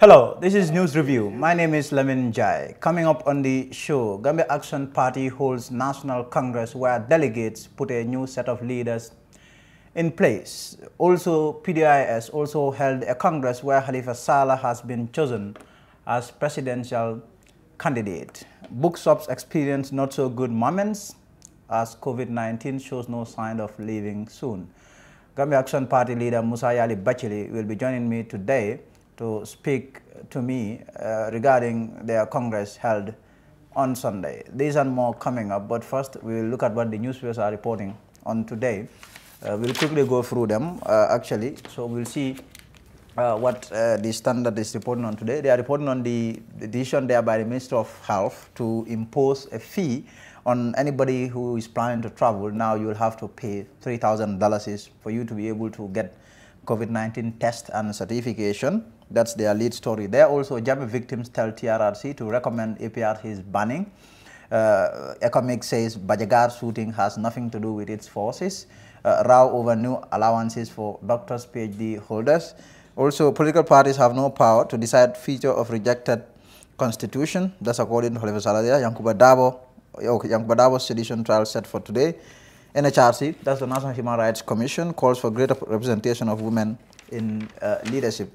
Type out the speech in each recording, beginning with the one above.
Hello, this is News Review. My name is Lemin Jai. Coming up on the show, Gambia Action Party holds National Congress where delegates put a new set of leaders in place. Also, PDIS also held a Congress where Khalifa Saleh has been chosen as presidential candidate. Bookshops experience not so good moments as COVID-19 shows no sign of leaving soon. Gambia Action Party leader Musa Yali Bachili will be joining me today to speak to me uh, regarding their Congress held on Sunday. These and more coming up, but first we'll look at what the newspapers are reporting on today. Uh, we'll quickly go through them, uh, actually. So we'll see uh, what uh, the standard is reporting on today. They are reporting on the, the decision there by the Minister of Health to impose a fee on anybody who is planning to travel. Now you'll have to pay $3,000 for you to be able to get COVID-19 test and certification that's their lead story. There also, JAMA victims tell TRRC to recommend APRC's banning. Uh, Economic says Bajagar shooting has nothing to do with its forces. Uh, row over new allowances for doctors, PhD holders. Also, political parties have no power to decide future of rejected constitution. That's according to Oliver Saladia, Yankuba Dabo, sedition trial set for today. NHRC, that's the National Human Rights Commission, calls for greater representation of women in uh, leadership.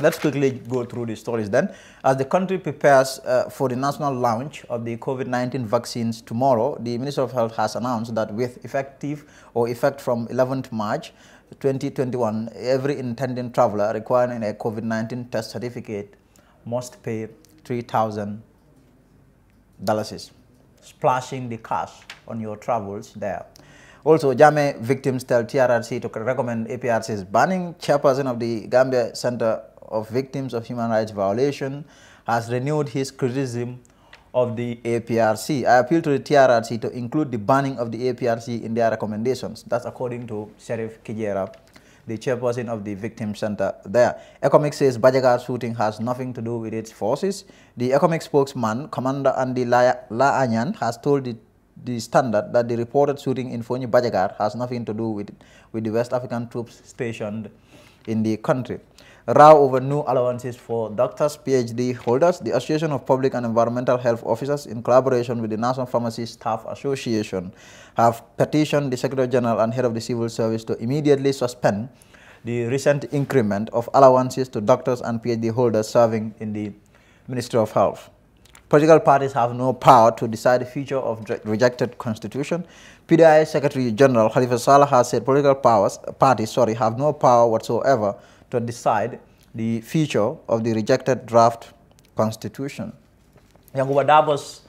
Let's quickly go through the stories then. As the country prepares uh, for the national launch of the COVID-19 vaccines tomorrow, the Minister of Health has announced that with effective or effect from 11th March, 2021, every intending traveler requiring a COVID-19 test certificate must pay 3,000 dollars, splashing the cash on your travels there. Also, Jame victims tell TRRC to recommend APRC's banning. Chairperson of the Gambia Center of Victims of Human Rights Violation has renewed his criticism of the APRC. I appeal to the TRRC to include the banning of the APRC in their recommendations. That's according to Sheriff Kijera, the chairperson of the victim center there. ECOMIC says Bajagar's shooting has nothing to do with its forces. The ECOMIC spokesman, Commander Andy Laanyan, has told the the standard that the reported shooting in Fonyi Bajagar has nothing to do with, with the West African troops stationed in the country row over new allowances for doctors, PhD holders, the Association of Public and Environmental Health Officers, in collaboration with the National Pharmacy Staff Association, have petitioned the Secretary General and Head of the Civil Service to immediately suspend the recent increment of allowances to doctors and PhD holders serving in the Ministry of Health. Political parties have no power to decide the future of rejected constitution. PDI Secretary General Khalifa Salah has said political powers, parties sorry, have no power whatsoever to decide the future of the rejected draft constitution. Yanguba Davos,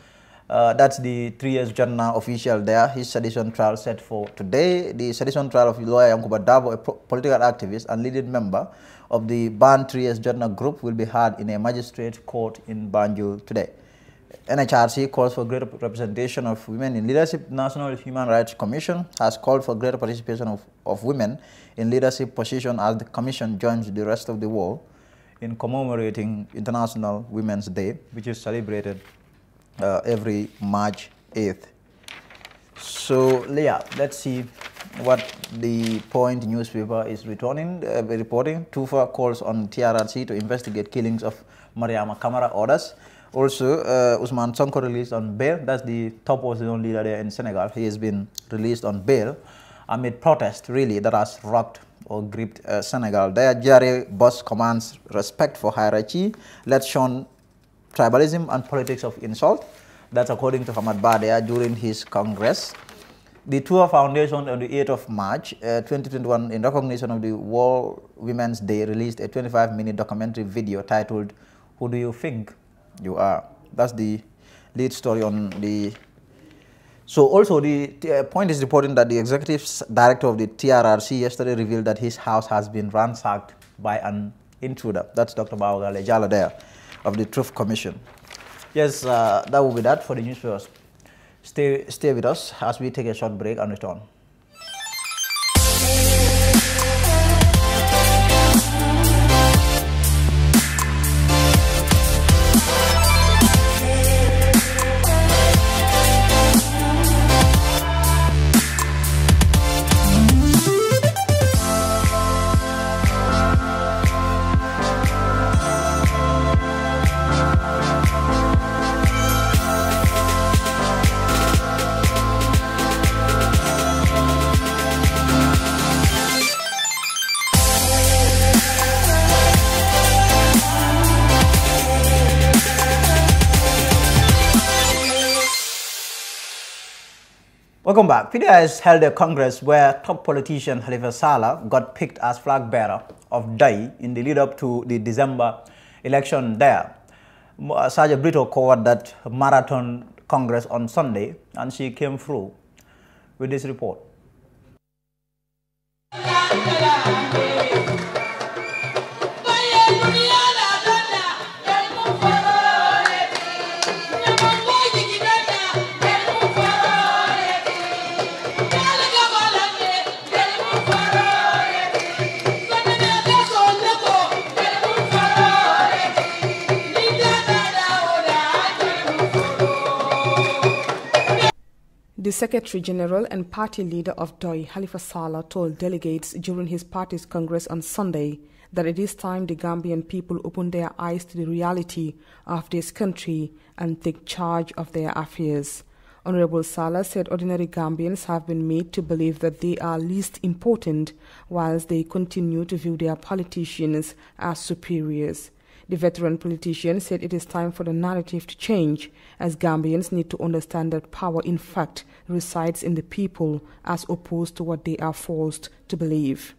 uh, that's the three years journal official there, his sedition trial set for today. The sedition trial of lawyer Yankuba a political activist and leading member of the banned 3 years journal group will be heard in a magistrate court in Banjul today. NHRC calls for greater representation of women in leadership. National Human Rights Commission has called for greater participation of, of women in leadership position as the commission joins the rest of the world in commemorating International Women's Day, which is celebrated uh, every March 8th. So, Leah, let's see what the Point newspaper is returning, uh, reporting. Tufa calls on TRRC to investigate killings of Mariama Kamara orders. Also, uh, Usman Sonko released on bail. That's the top opposition leader there in Senegal. He has been released on bail amid protest, really, that has rocked or gripped uh, Senegal. There, Jare Boss commands respect for hierarchy, let's shun tribalism and politics of insult. That's according to Hamad Badia during his Congress. The Tour Foundation on the 8th of March uh, 2021, in recognition of the World Women's Day, released a 25-minute documentary video titled, Who Do You Think you are. That's the lead story on the. So also the uh, point is reporting that the executive director of the TRRC yesterday revealed that his house has been ransacked by an intruder. That's Dr. Bawagale Jalade of the Truth Commission. Yes, uh, that will be that for the first. Stay, stay with us as we take a short break and return. Welcome back. held a congress where top politician Halifa Saleh got picked as flag bearer of DAI in the lead up to the December election there. Uh, Saja Brito covered that marathon congress on Sunday and she came through with this report. The Secretary General and party leader of DOI, Halifa Sala, told delegates during his party's congress on Sunday that it is time the Gambian people open their eyes to the reality of this country and take charge of their affairs. Honorable Sala said ordinary Gambians have been made to believe that they are least important whilst they continue to view their politicians as superiors. The veteran politician said it is time for the narrative to change, as Gambians need to understand that power, in fact, resides in the people as opposed to what they are forced to believe.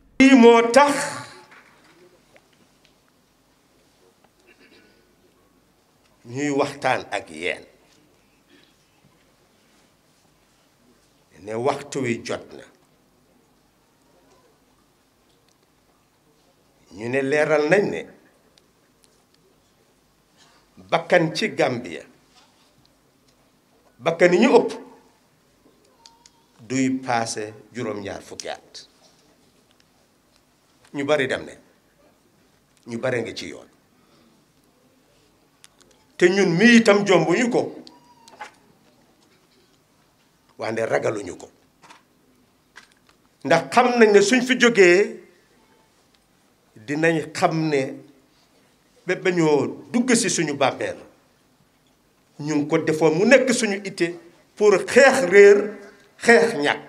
ñu ne leeral nañ ne bakkan ci Gambia bakkan yi ñu ëpp duy paase juróom-ñaar fukki at ñu bari dem ne ñu bari ngi ci yoon te ñun mi itam jombuñu ko wande ragaluñu ko ndax xam nañ ne suñ fi jógee dinañ xam ne ba ba ñoo dugg si suñu bàmmeel ñu ko defoon mu nekk suñu ité pour xeex réer xeex ñàkk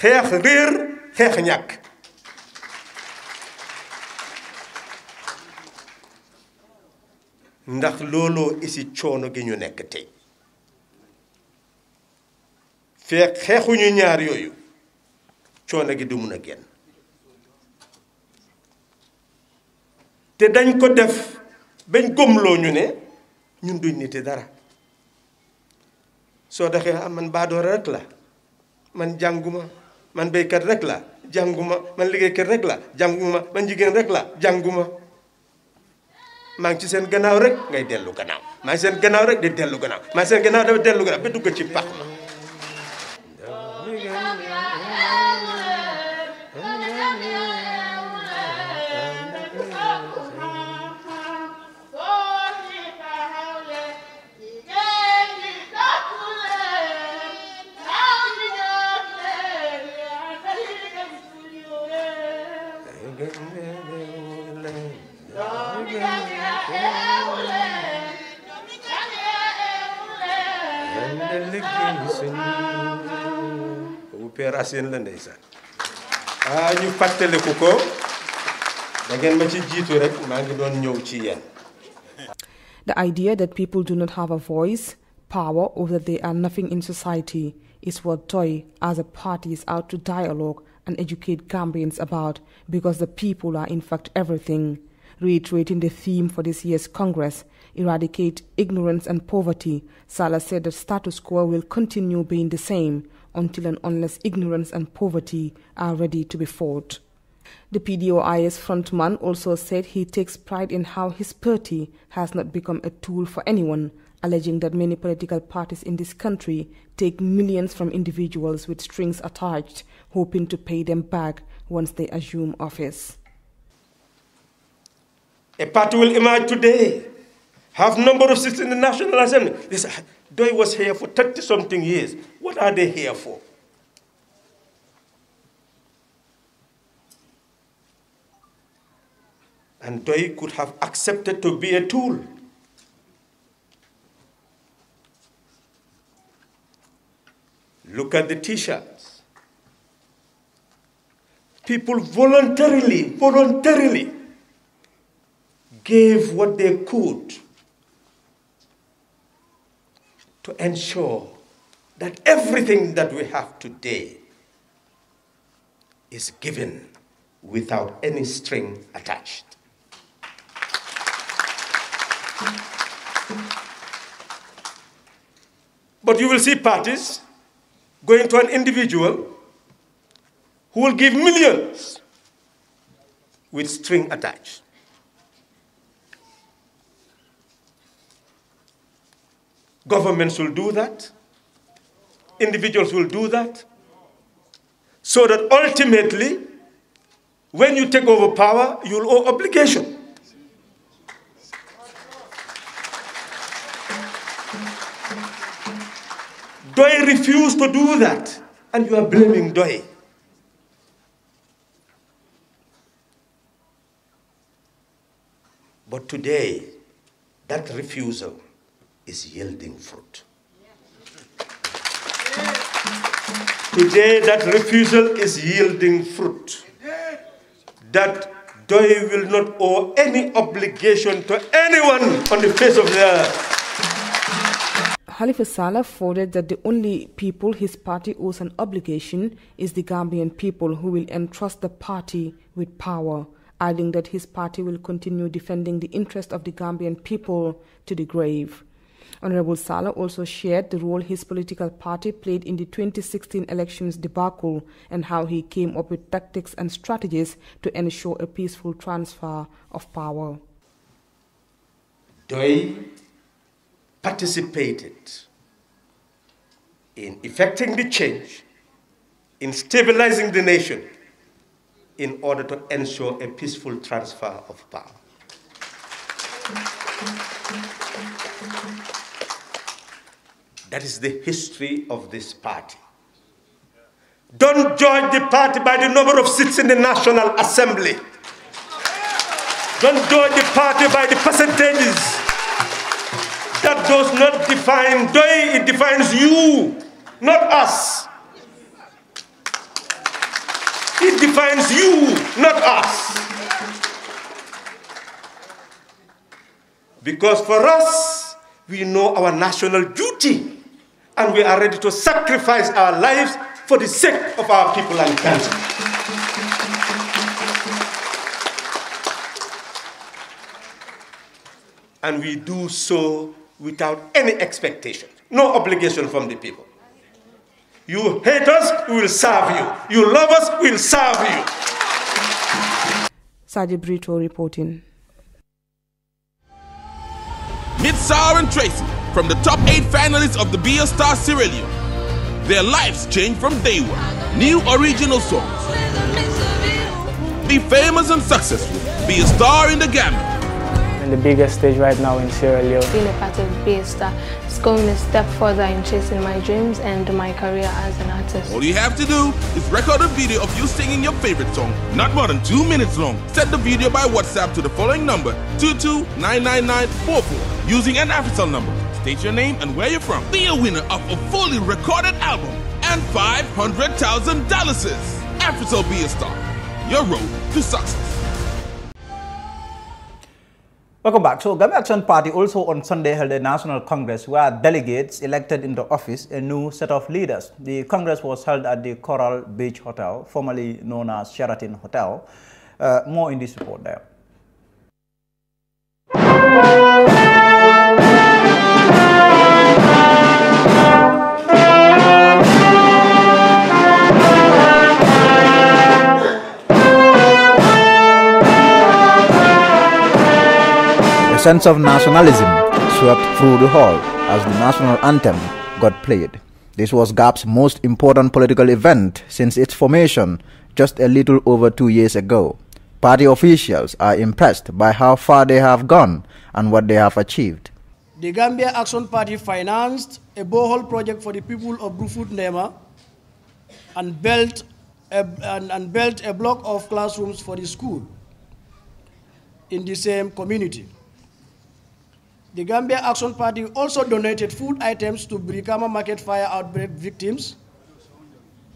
xeex réer xeex ñàkk ndax looloo isi coono gi ñu nekk tey fekk xeexuñu ñaar yooyu coono gi du mun a génn te dañ ko def bañ gëmloo ñu ne ñun duñ nite dara soo doxee am ah, man baadoora rek la man jànguma man béykat rek la jànguma man liggéeykat rek la jànguma man jigéen rek la jànguma maa ngi ci seen gannaaw rek ngay dellu gannaaw maa ngi seen gannaaw rek di dellu gannaaw maa ngi seen gannaaw dafa dellu gannaaw ba dugg ci pax ma The idea that people do not have a voice, power, or that they are nothing in society is what Toy, as a party, is out to dialogue and educate Gambians about because the people are in fact everything. Reiterating the theme for this year's Congress, eradicate ignorance and poverty, Sala said the status quo will continue being the same until and unless ignorance and poverty are ready to be fought. The PDOI's frontman also said he takes pride in how his party has not become a tool for anyone, alleging that many political parties in this country take millions from individuals with strings attached, hoping to pay them back once they assume office. A party will emerge today, have number of seats in the National Assembly. This Doi was here for 30 something years. What are they here for? And Doi could have accepted to be a tool. Look at the t-shirts. People voluntarily, voluntarily gave what they could to ensure that everything that we have today is given without any string attached. But you will see parties going to an individual who will give millions with string attached. Governments will do that. Individuals will do that. So that ultimately, when you take over power, you'll owe obligation. Doi refused to do that, and you are blaming Doi. But today, that refusal is yielding fruit. Today, that refusal is yielding fruit. That they will not owe any obligation to anyone on the face of the earth. Halifa Saleh forwarded that the only people his party owes an obligation is the Gambian people who will entrust the party with power, adding that his party will continue defending the interest of the Gambian people to the grave. Honorable Sala also shared the role his political party played in the 2016 elections debacle and how he came up with tactics and strategies to ensure a peaceful transfer of power. Doi participated in effecting the change, in stabilizing the nation, in order to ensure a peaceful transfer of power. That is the history of this party. Don't judge the party by the number of seats in the National Assembly. Don't judge the party by the percentages. That does not define Doi, it defines you, not us. It defines you, not us. Because for us, we know our national duty and we are ready to sacrifice our lives for the sake of our people and country. And we do so without any expectation, no obligation from the people. You hate us, we will serve you. You love us, we will serve you. Saji Brito reporting. Meet Sarah and Tracy from the top eight finalists of the BL Star Sierra Leone. Their lives changed from day one. New original songs. Be famous and successful. Be a star in the Gambia the biggest stage right now in Sierra Leone. Being a part of Star is going a step further in chasing my dreams and my career as an artist. All you have to do is record a video of you singing your favorite song, not more than two minutes long. Send the video by WhatsApp to the following number 22999944 using an Africell number State your name and where you're from. Be a winner of a fully recorded album and $500,000. so, Be a Star, your road to success. Welcome back. So, Gambia Action Party also on Sunday held a national congress where delegates elected into office a new set of leaders. The congress was held at the Coral Beach Hotel, formerly known as Sheraton Hotel. Uh, more in this report there. A sense of nationalism swept through the hall as the national anthem got played. This was GAP's most important political event since its formation just a little over two years ago. Party officials are impressed by how far they have gone and what they have achieved. The Gambia Action Party financed a borehole project for the people of Brufut Nema and built a, and, and built a block of classrooms for the school in the same community. The Gambia Action Party also donated food items to Brikama Market fire outbreak victims,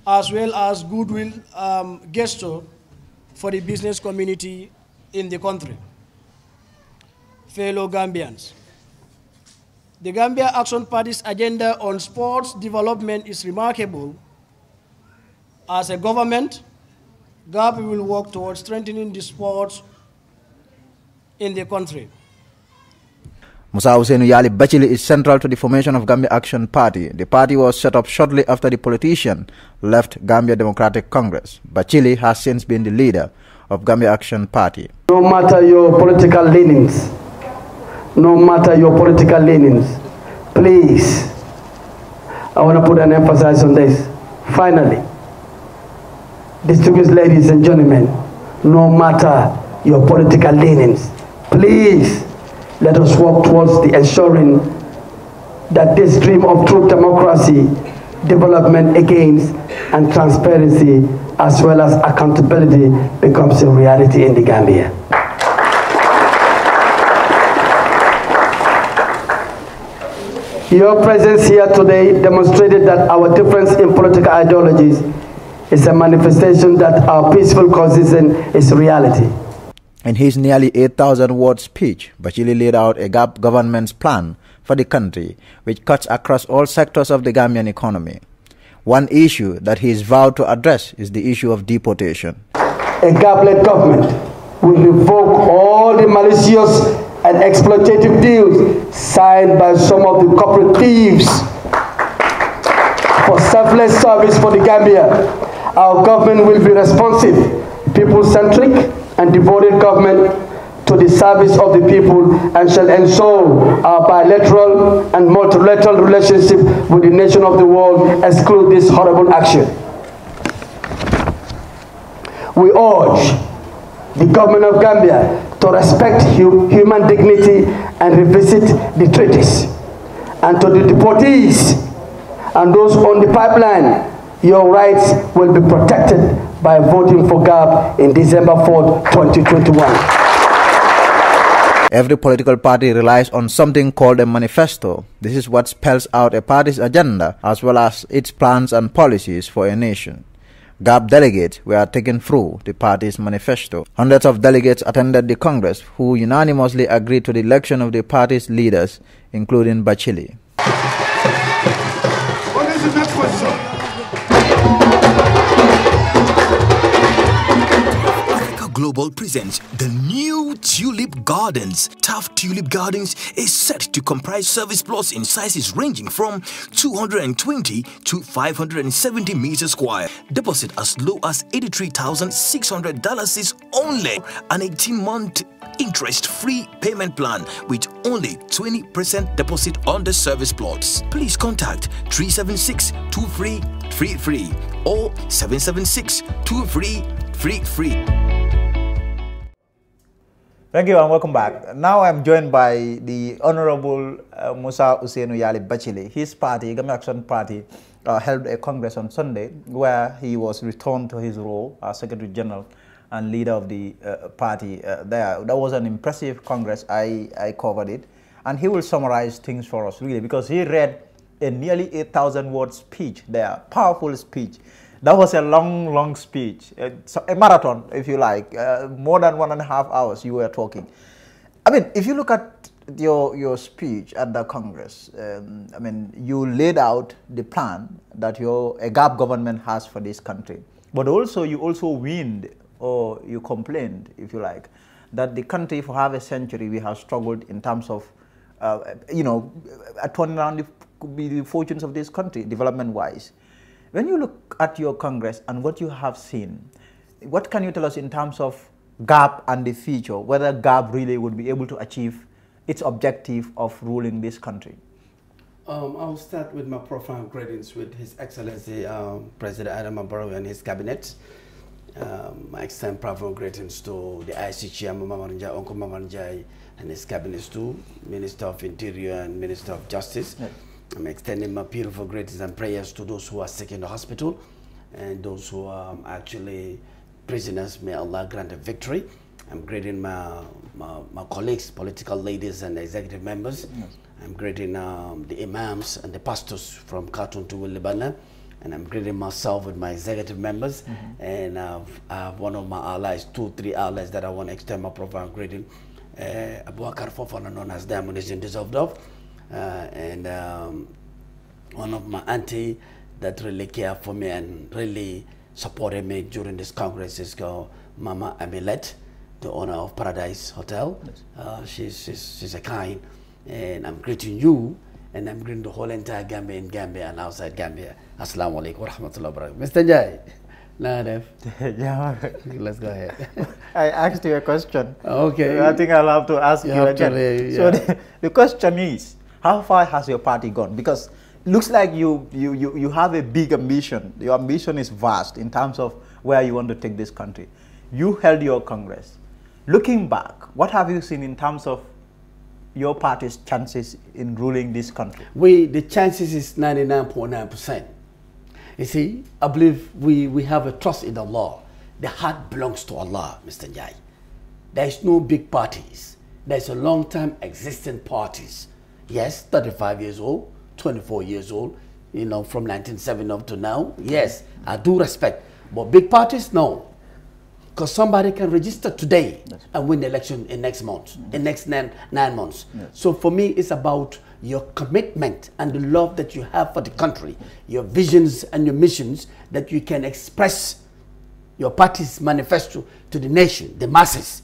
as well as goodwill um, gesture for the business community in the country. Fellow Gambians, the Gambia Action Party's agenda on sports development is remarkable. As a government, GAP will work towards strengthening the sports in the country. Musa Hussein Yali Bachili is central to the formation of Gambia Action Party. The party was set up shortly after the politician left Gambia Democratic Congress. Bachili has since been the leader of Gambia Action Party. No matter your political leanings, no matter your political leanings, please, I want to put an emphasis on this. Finally, distinguished ladies and gentlemen, no matter your political leanings, please, let us work towards the ensuring that this dream of true democracy, development against, and transparency, as well as accountability, becomes a reality in the Gambia. Your presence here today demonstrated that our difference in political ideologies is a manifestation that our peaceful coexistence is reality. In his nearly 8,000 word speech, Bashili laid out a government's plan for the country, which cuts across all sectors of the Gambian economy. One issue that he has vowed to address is the issue of deportation. A goblet government will revoke all the malicious and exploitative deals signed by some of the corporate thieves for selfless service for the Gambia. Our government will be responsive, people-centric, and devoted government to the service of the people and shall ensure our bilateral and multilateral relationship with the nation of the world exclude this horrible action. We urge the government of Gambia to respect hu human dignity and revisit the treaties. And to the deportees and those on the pipeline, your rights will be protected by voting for GAP in December 4, 2021. Every political party relies on something called a manifesto. This is what spells out a party's agenda as well as its plans and policies for a nation. GAP delegates were taken through the party's manifesto. Hundreds of delegates attended the Congress who unanimously agreed to the election of the party's leaders, including Bachili. What is the next question? Global presents the new Tulip Gardens. Taft Tulip Gardens is set to comprise service plots in sizes ranging from 220 to 570 meters square. Deposit as low as $83,600 is only an 18-month interest-free payment plan with only 20% deposit on the service plots. Please contact 376-2333 or 776 2333 Thank you and welcome back. Now I'm joined by the Honorable uh, Musa Usenu Yali Bachili. His party, Gambia Action Party, uh, held a congress on Sunday where he was returned to his role as Secretary General and leader of the uh, party uh, there. That was an impressive congress. I, I covered it. And he will summarize things for us really because he read a nearly 8,000 word speech there, powerful speech that was a long, long speech, a, uh, a marathon, if you like, uh, more than one and a half hours you were talking. I mean, if you look at your, your speech at the Congress, um, I mean, you laid out the plan that your a GAP government has for this country. But also, you also whined or you complained, if you like, that the country for half a century we have struggled in terms of, uh, you know, uh, turning around the, the fortunes of this country development-wise. When you look at your Congress and what you have seen, what can you tell us in terms of GAP and the future, whether GAP really would be able to achieve its objective of ruling this country? Um, I'll start with my profound greetings with His Excellency um, President Adam Barrow and his cabinet. Um, I extend profound greetings to the IC Chairman Mamanjai, Uncle Mamanjai, and his cabinet too, Minister of Interior and Minister of Justice. Yes. I'm extending my beautiful greetings and prayers to those who are sick in the hospital and those who are actually prisoners. May Allah grant a victory. I'm greeting my, my, my colleagues, political leaders and executive members. Yes. I'm greeting um, the imams and the pastors from Khartoum to Lebanon. And I'm greeting myself with my executive members. Mm -hmm. And I've, I've one of my allies, two, three allies that I want to extend my profound greeting. Uh, Abu Akar Fofana, known as Diamond, is in of. off. Uh, and um, one of my auntie that really cared for me and really supported me during this congress is called Mama Amulet, the owner of Paradise Hotel. Yes. Uh, she's, she's, she's a kind. And I'm greeting you and I'm greeting the whole entire Gambia in Gambia and outside Gambia. Assalamu alaikum wa rahmatullahi wa barakatuh. Mr. Jai. let's go ahead. I asked you a question. Okay. I think I'll have to ask you, you again. To, uh, yeah. So the, the question is, how far has your party gone? Because looks like you, you, you, you have a big ambition. Your ambition is vast in terms of where you want to take this country. You held your Congress. Looking back, what have you seen in terms of your party's chances in ruling this country? We, the chances is 99.9%. You see, I believe we, we have a trust in Allah. The heart belongs to Allah, Mr. Jai. There is no big parties. There is a long-time existing parties Yes, 35 years old, 24 years old, you know, from 1970 up to now. Yes, I do respect. But big parties, no. Because somebody can register today yes. and win the election in next month, mm. in next nine, nine months. Yes. So for me, it's about your commitment and the love that you have for the country, your visions and your missions that you can express your party's manifesto to the nation, the masses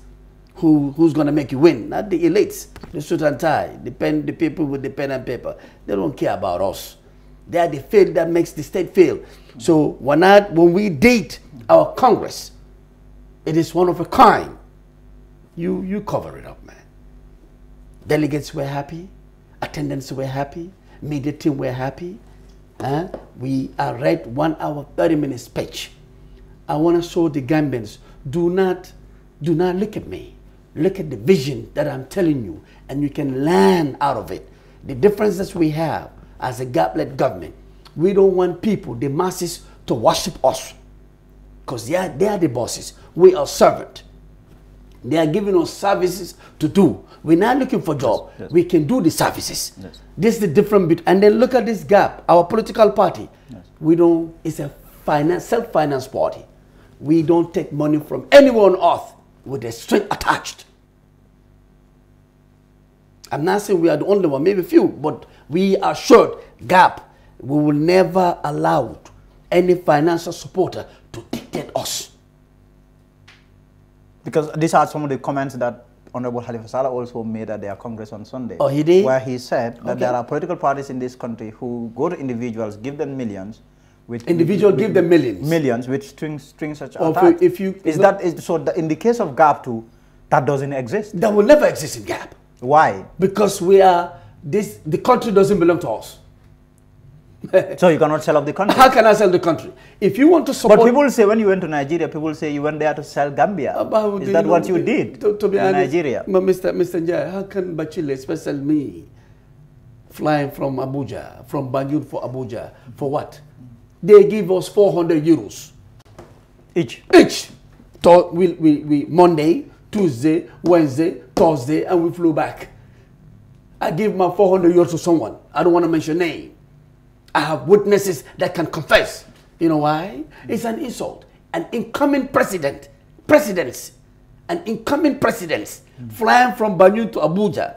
who, who's going to make you win, not the elites, the suit and tie, the, pen, the people with the pen and paper. They don't care about us. They are the fail that makes the state fail. So when, I, when we date our Congress, it is one of a kind. You, you cover it up, man. Delegates were happy. Attendants were happy. Media team were happy. Huh? We are read one hour, 30 minutes speech. I want to show the Gambians, do not, do not look at me. Look at the vision that I'm telling you, and you can learn out of it. The differences we have as a goblet government, we don't want people, the masses, to worship us because they are, they are the bosses. We are servant. They are giving us services to do. We're not looking for job. Yes, yes. We can do the services. Yes. This is the different bit. And then look at this gap. Our political party, we don't. It's a finance, self-finance party. We don't take money from anyone on earth with a string attached. I'm not saying we are the only one, maybe few, but we are short gap. We will never allow any financial supporter to dictate us. Because these are some of the comments that Honorable Halifa Salah also made at their Congress on Sunday. Oh, he did? Where he said that okay. there are political parties in this country who go to individuals, give them millions, with individual with, give them millions millions with strings, strings such or that. if you is that is so the, in the case of gap 2 that doesn't exist that will never exist in gap why? Because we are this the country doesn't belong to us. so you cannot sell off the country. How can I sell the country? If you want to support. But people say when you went to Nigeria, people say you went there to sell Gambia. Uh, Is that what you did to, to be in honest, Nigeria? Mr. Mr. Njai, how can Bachile special me flying from Abuja, from Banjul for Abuja, for what? They give us 400 euros. Each? Each. So we, we, we Monday, Tuesday, Wednesday, Thursday, and we flew back. I gave my 400 euros to someone. I don't want to mention name. I have witnesses that can confess. You know why? It's an insult. An incoming president, presidents, an incoming presidents mm. flying from Banyu to Abuja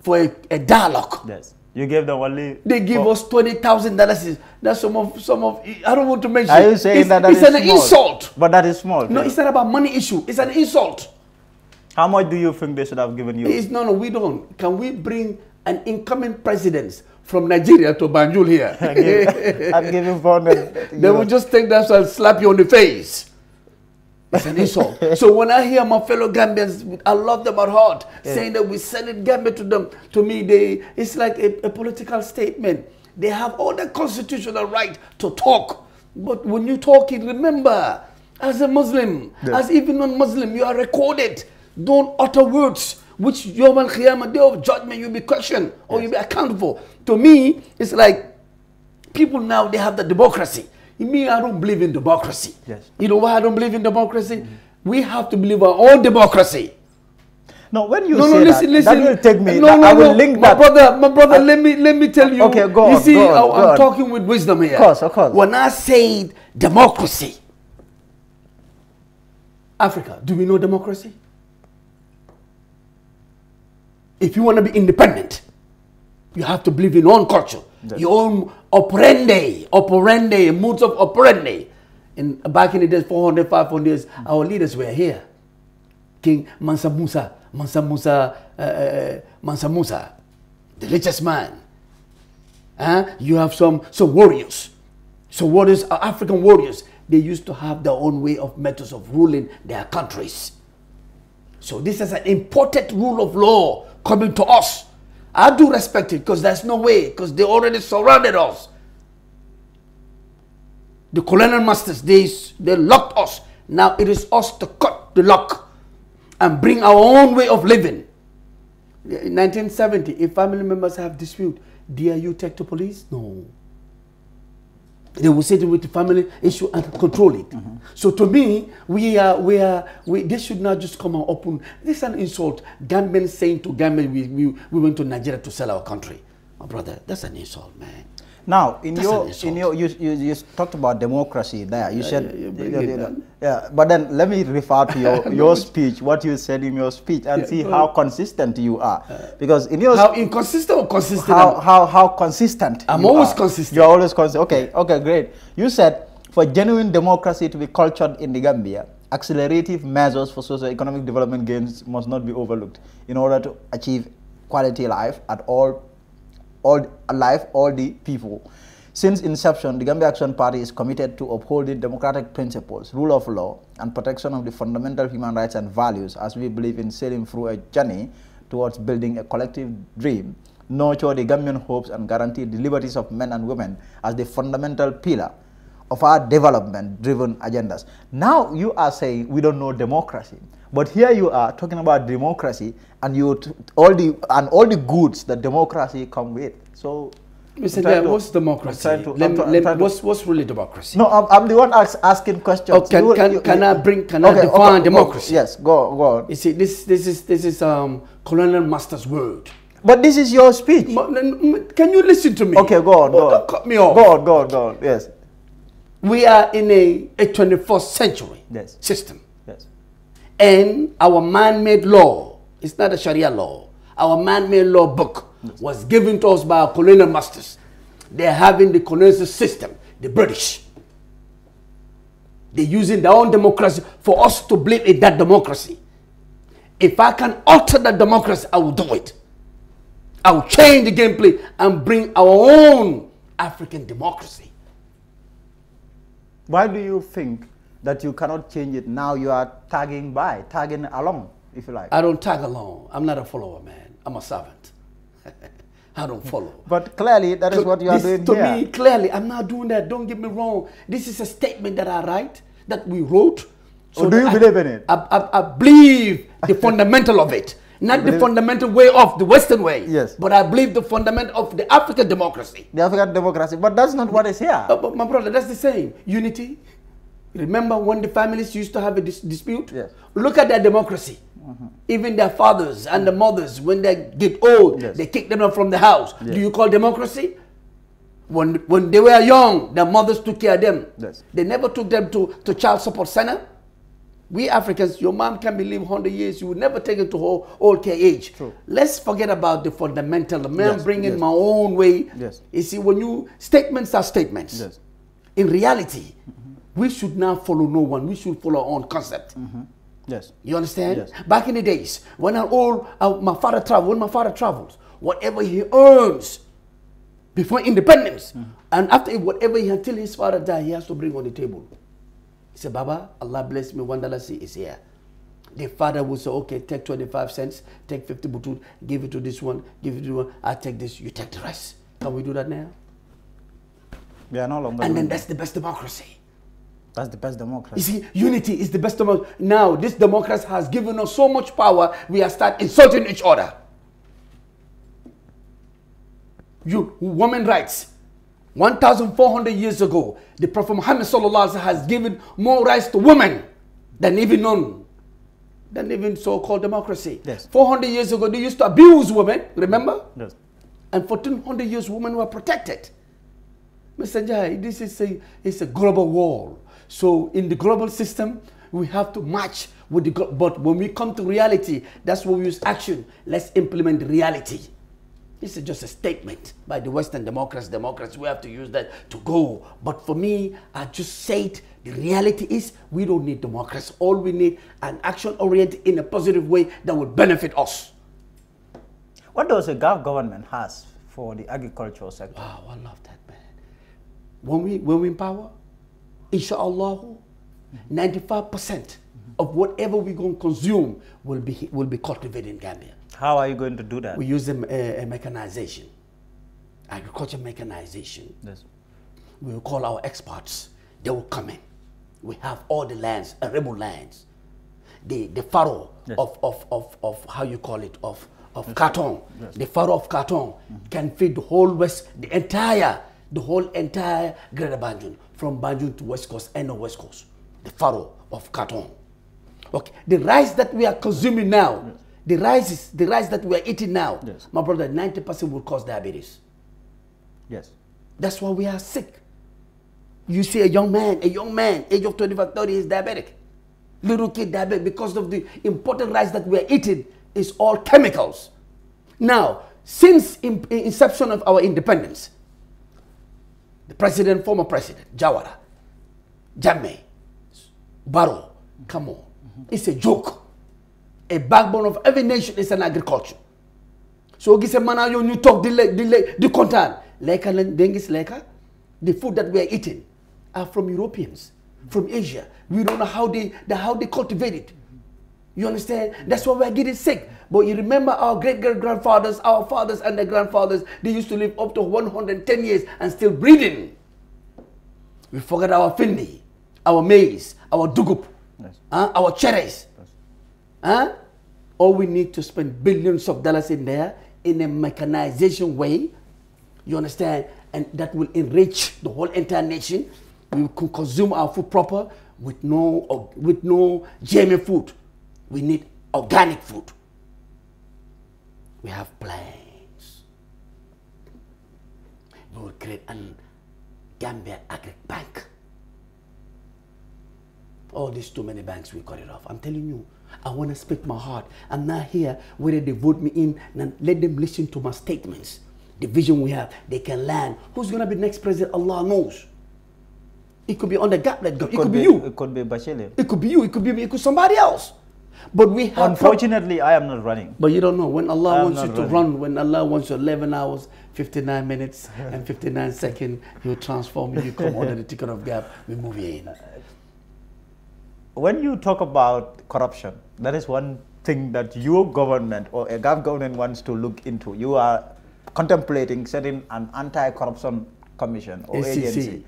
for a, a dialogue. Yes. You gave them only. They give us twenty thousand dollars. That's some of some of. I don't want to mention. Are you saying it's, that, that it's an small? insult? But that is small. No, it's not about money issue. It's an insult. How much do you think they should have given you? It's, no, no, we don't. Can we bring an incoming president from Nigeria to Banjul here? I'm giving they will just take that and slap you on the face. It's an insult. so when I hear my fellow Gambians, I love them at heart, yeah. saying that we send it Gambia to them. To me, they it's like a, a, political statement. They have all the constitutional right to talk, but when you talk, it remember, as a Muslim, yeah. as even non-Muslim, you are recorded. Don't utter words which Yom Al Qiyamah, day of judgment, you'll be questioned or yes. you'll be for. To me, it's like people now, they have the democracy. In Me, I don't believe in democracy. Yes. You know why I don't believe in democracy? Mm -hmm. We have to believe our own democracy. No, when you no, say no, listen, that, listen. that will take me. No, no, I will no. link my that. Brother, my brother, I, let me let me tell you. Okay, go on. You see, on, I, am talking with wisdom here. Of course, of course. When I said democracy, Africa, do we know democracy? if you want to be independent, you have to believe in your own culture, That's your own operandi, operandi, modes of operandi. In back in the days, 400, 500 years, mm. our leaders were here. King Mansa Musa, Mansa Musa, uh, uh, uh, Mansa Musa, the richest man. Huh? You have some, some warriors. So warriors are African warriors. They used to have their own way of methods of ruling their countries. So this is an important rule of law coming to us. I do respect it because there's no way because they already surrounded us. The colonial masters, they, they locked us. Now it is us to cut the lock and bring our own way of living. In 1970, if family members have dispute, dear, you take to police? No they will sit with the family issue and control it. Mm -hmm. So to me, we are, we are, we, they should not just come and open. This is an insult. Gambians saying to Gambians, we, we, we went to Nigeria to sell our country. My brother, that's an insult, man. Now, in That's your in your you, you you talked about democracy there. You yeah, said yeah, you yeah, but then let me refer to your your speech, what you said in your speech, and see well, how consistent you are. Uh, because in your how inconsistent or consistent? How how how consistent? I'm always are. consistent. You're always consistent. Okay, okay, great. You said for genuine democracy to be cultured in the Gambia, accelerative measures for socio-economic development gains must not be overlooked in order to achieve quality life at all all life all the people. Since inception, the Gambia Action Party is committed to upholding democratic principles, rule of law, and protection of the fundamental human rights and values as we believe in sailing through a journey towards building a collective dream, nurture the Gambian hopes and guarantee the liberties of men and women as the fundamental pillar of our development-driven agendas. Now you are saying we don't know democracy, but here you are talking about democracy and you all the and all the goods that democracy come with. So Mr. Dyer, what's democracy? To, let, to, let, what's, what's really democracy? No, I'm, I'm the one ask, asking questions. Oh, can, you, can, you, can you, I bring, can okay, I define okay, democracy? Go, yes, go, go on. You see, this, this is, this is um, Colonel Master's word. But this is your speech. Can you listen to me? Okay, go on, go on. Don't cut me off. Go on, go on, go on, yes. We are in a, a 21st century yes. system. Yes. And our man-made law it's not a Sharia law. Our man-made law book was given to us by our colonial masters. They're having the colonial system, the British. They're using their own democracy for us to believe in that democracy. If I can alter that democracy, I will do it. I will change the gameplay and bring our own African democracy. Why do you think that you cannot change it now you are tagging by, tagging along? if you like. I don't tag along. I'm not a follower, man. I'm a servant. I don't follow. But clearly, that is to, what you are this, doing to here. me, clearly, I'm not doing that. Don't get me wrong. This is a statement that I write, that we wrote. So oh, do you I, believe in it? I, I, I believe the fundamental of it. Not the fundamental way of the Western way. Yes. But I believe the fundamental of the African democracy. The African democracy. But that's not what is here. Uh, but my brother, that's the same. Unity. Remember when the families used to have a dis dispute? Yes. Look at their democracy. Mm -hmm. Even their fathers and the mothers, when they get old, yes. they kick them out from the house. Yes. Do you call democracy? When, when they were young, their mothers took care of them. Yes. They never took them to, to child support center. We Africans, your mom can be live 100 years, you will never take it to her old care age. True. Let's forget about the fundamental. The man yes, bringing my own way. Yes. You see, when you, statements are statements. Yes. In reality, mm -hmm. we should not follow no one. We should follow our own concept. Mm -hmm. Yes. You understand? Yes. Back in the days, when I all uh, my father travel, when my father travels, whatever he earns before independence, mm -hmm. and after whatever he until his father died, he has to bring on the table. He said, Baba, Allah bless me, one dollar see is here. The father will say, okay, take 25 cents, take 50 butut, give it to this one, give it to one, I take this, you take the rest. Can we do that now? We are no longer. And then that's the best democracy. That's the best democracy. You see, unity is the best democracy. Now, this democracy has given us so much power, we are start insulting each other. You, women rights. 1,400 years ago, the Prophet Muhammad has given more rights to women than even none, than even so-called democracy. Yes. 400 years ago, they used to abuse women, remember? Yes. And 1,400 years, women were protected. Mr. Jai, this is a, it's a global war. So in the global system, we have to match with the but when we come to reality, that's when we use action. Let's implement reality. This is just a statement by the Western democrats. Democrats, we have to use that to go. But for me, I just it. the reality is we don't need democrats. All we need an action oriented in a positive way that will benefit us. What does the government has for the agricultural sector? Wow, I love that man. When we when we in power, inshallah, 95% of whatever we're going to consume will be, will be cultivated in Gambia. How are you going to do that? We use a, a, a mechanization, agriculture mechanization. Yes. We will call our experts. They will come in. We have all the lands, arable uh, lands, the, the furrow yes. of, of, of, of, how you call it, of, of yes. Carton. Yes. The furrow of Carton mm -hmm. can feed the whole west, the entire, the whole entire Greater Banjul from Banjul to West Coast, and of West Coast, the faro of Katon. Okay, the rice that we are consuming now, yes. the rice is the rice that we are eating now. Yes. My brother, 90% will cause diabetes. Yes. That's why we are sick. You see a young man, a young man, age of 25, 30 is diabetic. Little kid diabetic because of the important rice that we are eating is all chemicals. Now, since in inception of our independence, the president, former president, Jawara, Jame, Baro, come on. Mm -hmm. It's a joke. A backbone of every nation is an agriculture. So gise mana yo you talk the di content like lañ de the food that we are eating are from Europeans from Asia we don't know how they, the, how they cultivate it you understand that's why we are getting sick but you remember our great great grandfathers, our fathers and their grandfathers, they used to live up to 110 years and still breathing. We forget our findi, our maize, our dugup, yes. uh, our cherries. Yes. Uh, all we need to spend billions of dollars in there in a mechanization way. You understand? And that will enrich the whole entire nation. We could consume our food proper with no, with no GMO food. We need organic food. We have plans. We will create an Gambia Agri Bank. All oh, these too many banks we cut it off. I'm telling you, I want to speak my heart. I'm not here whether they vote me in and let them listen to my statements. The vision we have, they can learn. Who's going to be next president? Allah knows. It could be on the gap that It, it could, could be, be, you. It could be Bachelet. It could be you. It could be me. It could be somebody else. But we have. Unfortunately, I am not running. But you don't know when Allah wants you to run. When Allah wants you 11 hours, 59 minutes, and 59 seconds, you transform. You come under the ticket of gap. We move in. When you talk about corruption, that is one thing that your government or a government wants to look into. You are contemplating setting an anti-corruption commission or ACC. agency,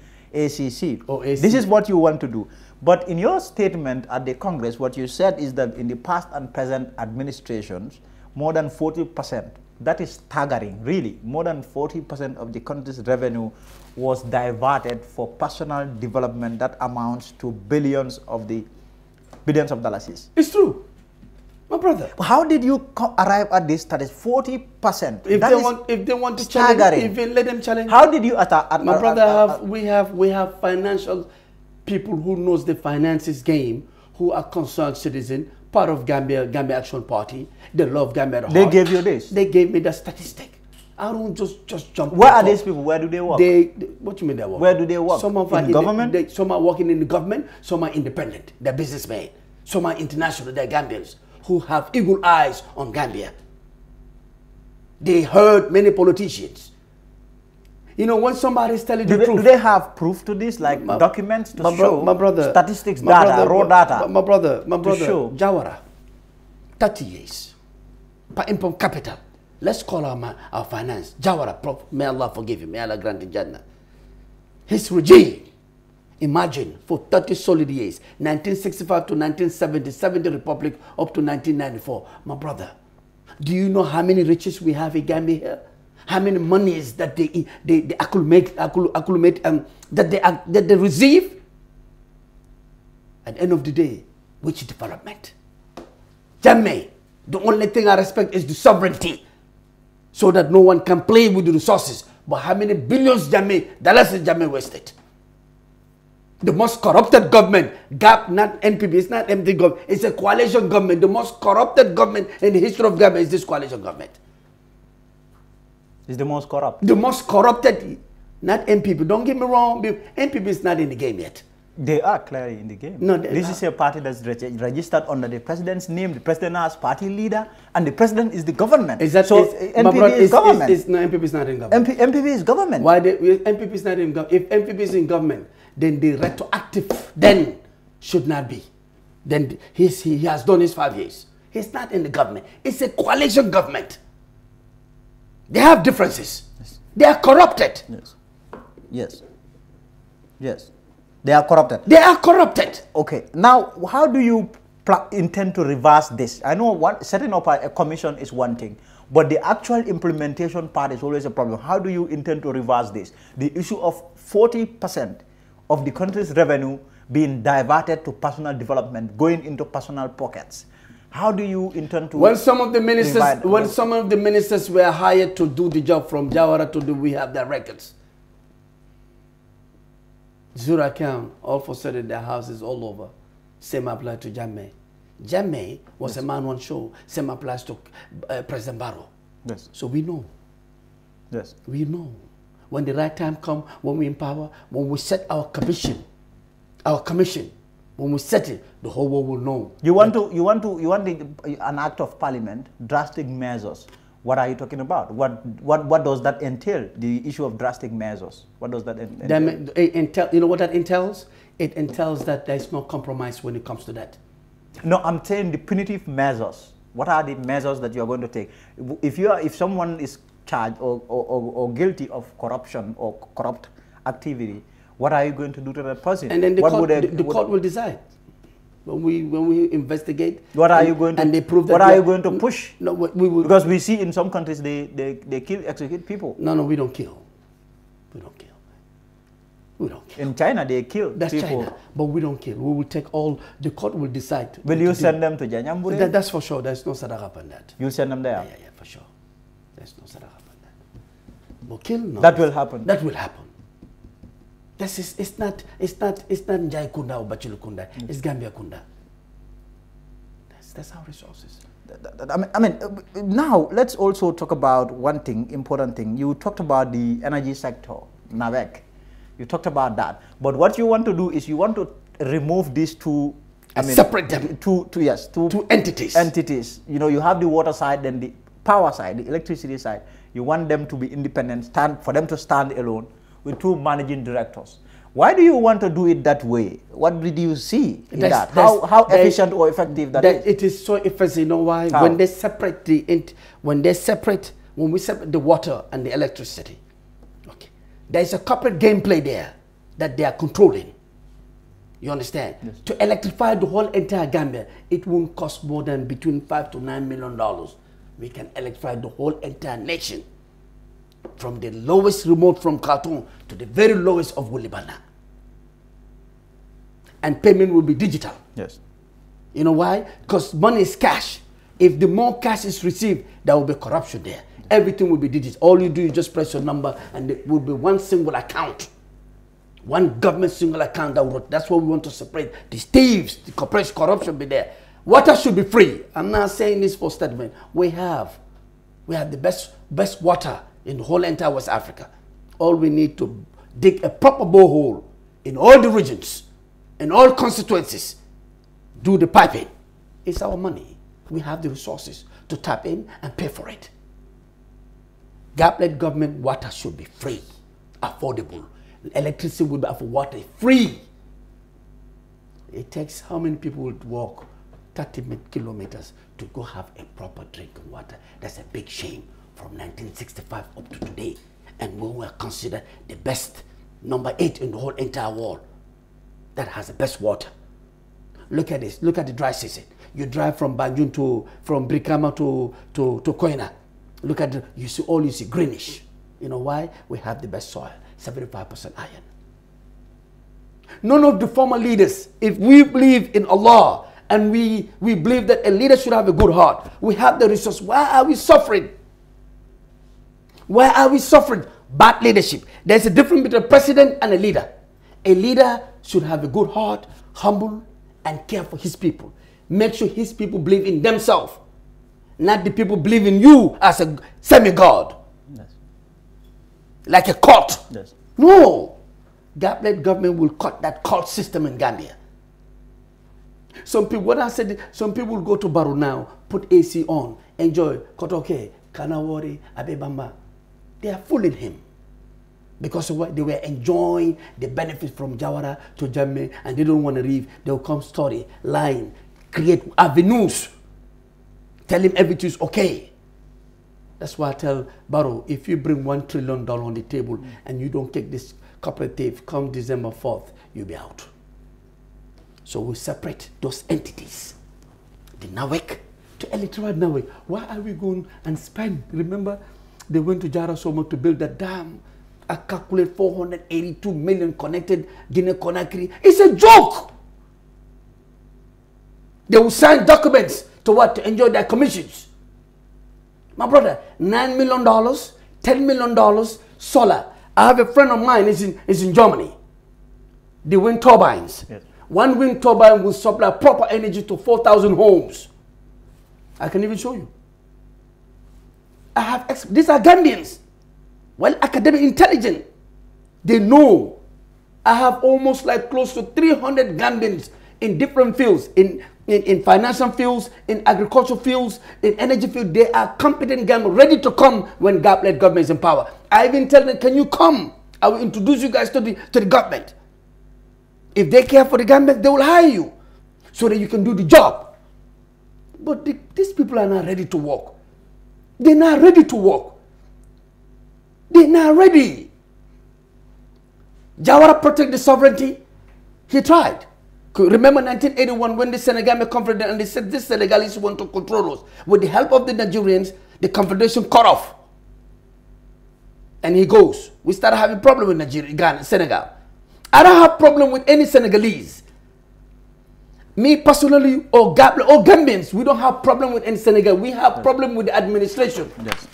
ACC. Or ACC. This is what you want to do. But in your statement at the Congress, what you said is that in the past and present administrations, more than 40%, that is staggering, really, more than 40% of the country's revenue was diverted for personal development that amounts to billions of the billions of dollars. It's true. My brother. How did you arrive at this status? Forty percent. If that they want, if they want to staggering. challenge, even let them challenge. How did you at, my brother? At, at, have, we have we have financial people who knows the finances game, who are concerned citizen, part of Gambia, Gambia Action Party. They love Gambia. They gave you this. They gave me the statistic. I don't just just jump. Where are these people? Where do they work? They, they what you mean they work? Where do they work? Some are in, in government. The, they, some are working in the government. Some are independent. They're businessmen. Some are international. They're Gambians who have eagle eyes on Gambia. They heard many politicians you know, when somebody is telling do the they, truth. Do they have proof to this, like my, documents to my show? My brother. Statistics my data, brother, raw data. My brother, my brother, show. Jawara, 30 years, per income capital. Let's call our, our finance, Jawara, Prof. May Allah forgive him, may Allah grant him Jannah. His regime, imagine, for 30 solid years, 1965 to 1970, Republic up to 1994. My brother, do you know how many riches we have in Gambia here? how many monies that they, they, they accumulate, accumulate um, that, they, that they receive. At the end of the day, which development? Jamais. The only thing I respect is the sovereignty so that no one can play with the resources. But how many billions Jamaica, dollars is Jamaica wasted? The most corrupted government, GAP, not NPB, it's not MD government, it's a coalition government. The most corrupted government in the history of government is this coalition government. It's the most corrupt. The most corrupted, not NPP. Don't get me wrong, NPP is not in the game yet. They are clearly in the game. No, this not. is a party that's registered under the president's name. The president has party leader, and the president is the government. Is that so? Is, MPP brother, is, is government. Is, is, no, MPP is not in government. MP, MPP is government. Why they, MPP is not in government? If MPP is in government, then the retroactive then should not be. Then he, he has done his five years. He's not in the government. It's a coalition government. They have differences. Yes. They are corrupted. Yes. Yes. Yes. They are corrupted. They are corrupted. Okay. Now, how do you intend to reverse this? I know what, setting up a, commission is one thing, but the actual implementation part is always a problem. How do you intend to reverse this? The issue of 40% of the country's revenue being diverted to personal development, going into personal pockets. How do you intend to? When some of the ministers, when some of the ministers were hired to do the job from Jawara to do, we have their records. Zura account, all for sudden their houses all over. Same applies to Jammeh. Jammeh was yes. a man on show. Same applies to uh, President Barrow. Yes. So we know. Yes. We know. When the right time comes, when we empower, when we set our commission, our commission, when we set it, the whole world will know. You want to, you want to, you want the, an act of parliament, drastic measures. What are you talking about? What, what, what does that entail? The issue of drastic measures. What does that entail? That, entail you know what that entails? It entails that there is no compromise when it comes to that. No, I'm saying the punitive measures. What are the measures that you are going to take? If you are, if someone is charged or, or, or, or guilty of corruption or corrupt activity, what are you going to do to that person? And then the, what court, the court will decide. When we when we investigate, what are you going to and they prove that what are you going to push? No, we will, because we see in some countries they, they they kill execute people. No, no, we don't kill. We don't kill. We don't kill. In China, they kill that's people. China, but we don't kill. We will take all, the court will decide. Will you send do. them to Janyambure? That, that's for sure. There's no sadaka on that. You'll send them there? Yeah, yeah, yeah for sure. There's no sadaka on that. But kill, no. That will happen. That will happen this is it's not it's not it's not Njai Kunda or Bachil Kunda. Mm. It's Gambia Kunda. That's that's our resources. I mean, I mean, uh, now let's also talk about one thing, important thing. You talked about the energy sector, NAVEC. You talked about that. But what you want to do is you want to remove these two I mean, separate them. Two, two, yes, two, two entities. Entities. You know, you have the water side and the power side, the electricity side. You want them to be independent, stand for them to stand alone, with two managing directors. Why do you want to do it that way? What did you see in there's, that? How, how efficient or effective that is? It is so efficient. You know why? How? When they separate the when they separate when we separate the water and the electricity, okay, there is a corporate gameplay there that they are controlling. You understand? Yes. To electrify the whole entire Gambia, it won't cost more than between five to nine million dollars. We can electrify the whole entire nation from the lowest remote from Khartoum to the very lowest of Wulibana. And payment will be digital. Yes. You know why? Because money is cash. If the more cash is received, there will be corruption there. Everything will be digital. All you do is just press your number and it will be one single account. One government single account that will, that's what we want to separate. The thieves, the corruption be there. Water should be free. I'm not saying this for statement. We have, we have the best, best water in the whole entire West Africa. All we need to dig a proper borehole in all the regions, in all constituencies, do the piping. It's our money. We have the resources to tap in and pay for it. Gaplet government water should be free, affordable. Electricity would be for water free. It takes how many people would walk 30 kilometers to go have a proper drink of water. That's a big shame from 1965 up to today. And we were considered the best, number eight in the whole entire world that has the best water. Look at this, look at the dry season. You drive from Banjun to, from Brikama to, to, to Koina. Look at, the, you see all you see greenish. You know why? We have the best soil, 75% iron. None of the former leaders, if we believe in Allah and we, we believe that a leader should have a good heart, we have the resource. Why are we suffering? Why are we suffering? Bad leadership. There's a difference between a president and a leader. A leader should have a good heart, humble, and care for his people. Make sure his people believe in themselves, not the people believe in you as a semi-god. Yes. Like a cult. Yes. No. gap government will cut that cult system in Gambia. Some people, what I said, some people go to Baru now, put AC on, enjoy, Kotoke, Abe Bamba. They are fooling him because they were enjoying the benefit from Jawara to Germany and they don't want to leave. They'll come story, line, create avenues, tell him everything's okay. That's why I tell Barrow, if you bring one trillion dollar on the table and you don't take this cooperative come December 4th, you'll be out. So we separate those entities. The NAWEC to electoral NAWEC. Why are we going and spend? Remember, they went to Jarasoma to build a dam. I calculate 482 million connected Guinea Conakry. It's a joke. They will sign documents to what? To enjoy their commissions. My brother, $9 million, $10 million solar. I have a friend of mine, is in, he's in Germany. They wind turbines. Yes. One wind turbine will supply proper energy to 4,000 homes. I can even show you. I have, these are Gambians, well academic intelligent. They know I have almost like close to 300 Gambians in different fields, in, in, in financial fields, in agricultural fields, in energy field. They are competent Gambians ready to come when Gab-led government is in power. I even tell them, can you come? I will introduce you guys to the, to the government. If they care for the government, they will hire you so that you can do the job. But the, these people are not ready to work. They're not ready to work. They're not ready. Jawara protected the sovereignty. He tried. Remember 1981 when the Senegal confederation and they said these Senegalese want to control us. With the help of the Nigerians, the confederation cut off. And he goes. We started having problem with Nigeria, Ghana, Senegal. I don't have problem with any Senegalese. Me personally, or, Gab or Gambians, we don't have problem with in Senegal. We have yes. problem with the administration. Yes.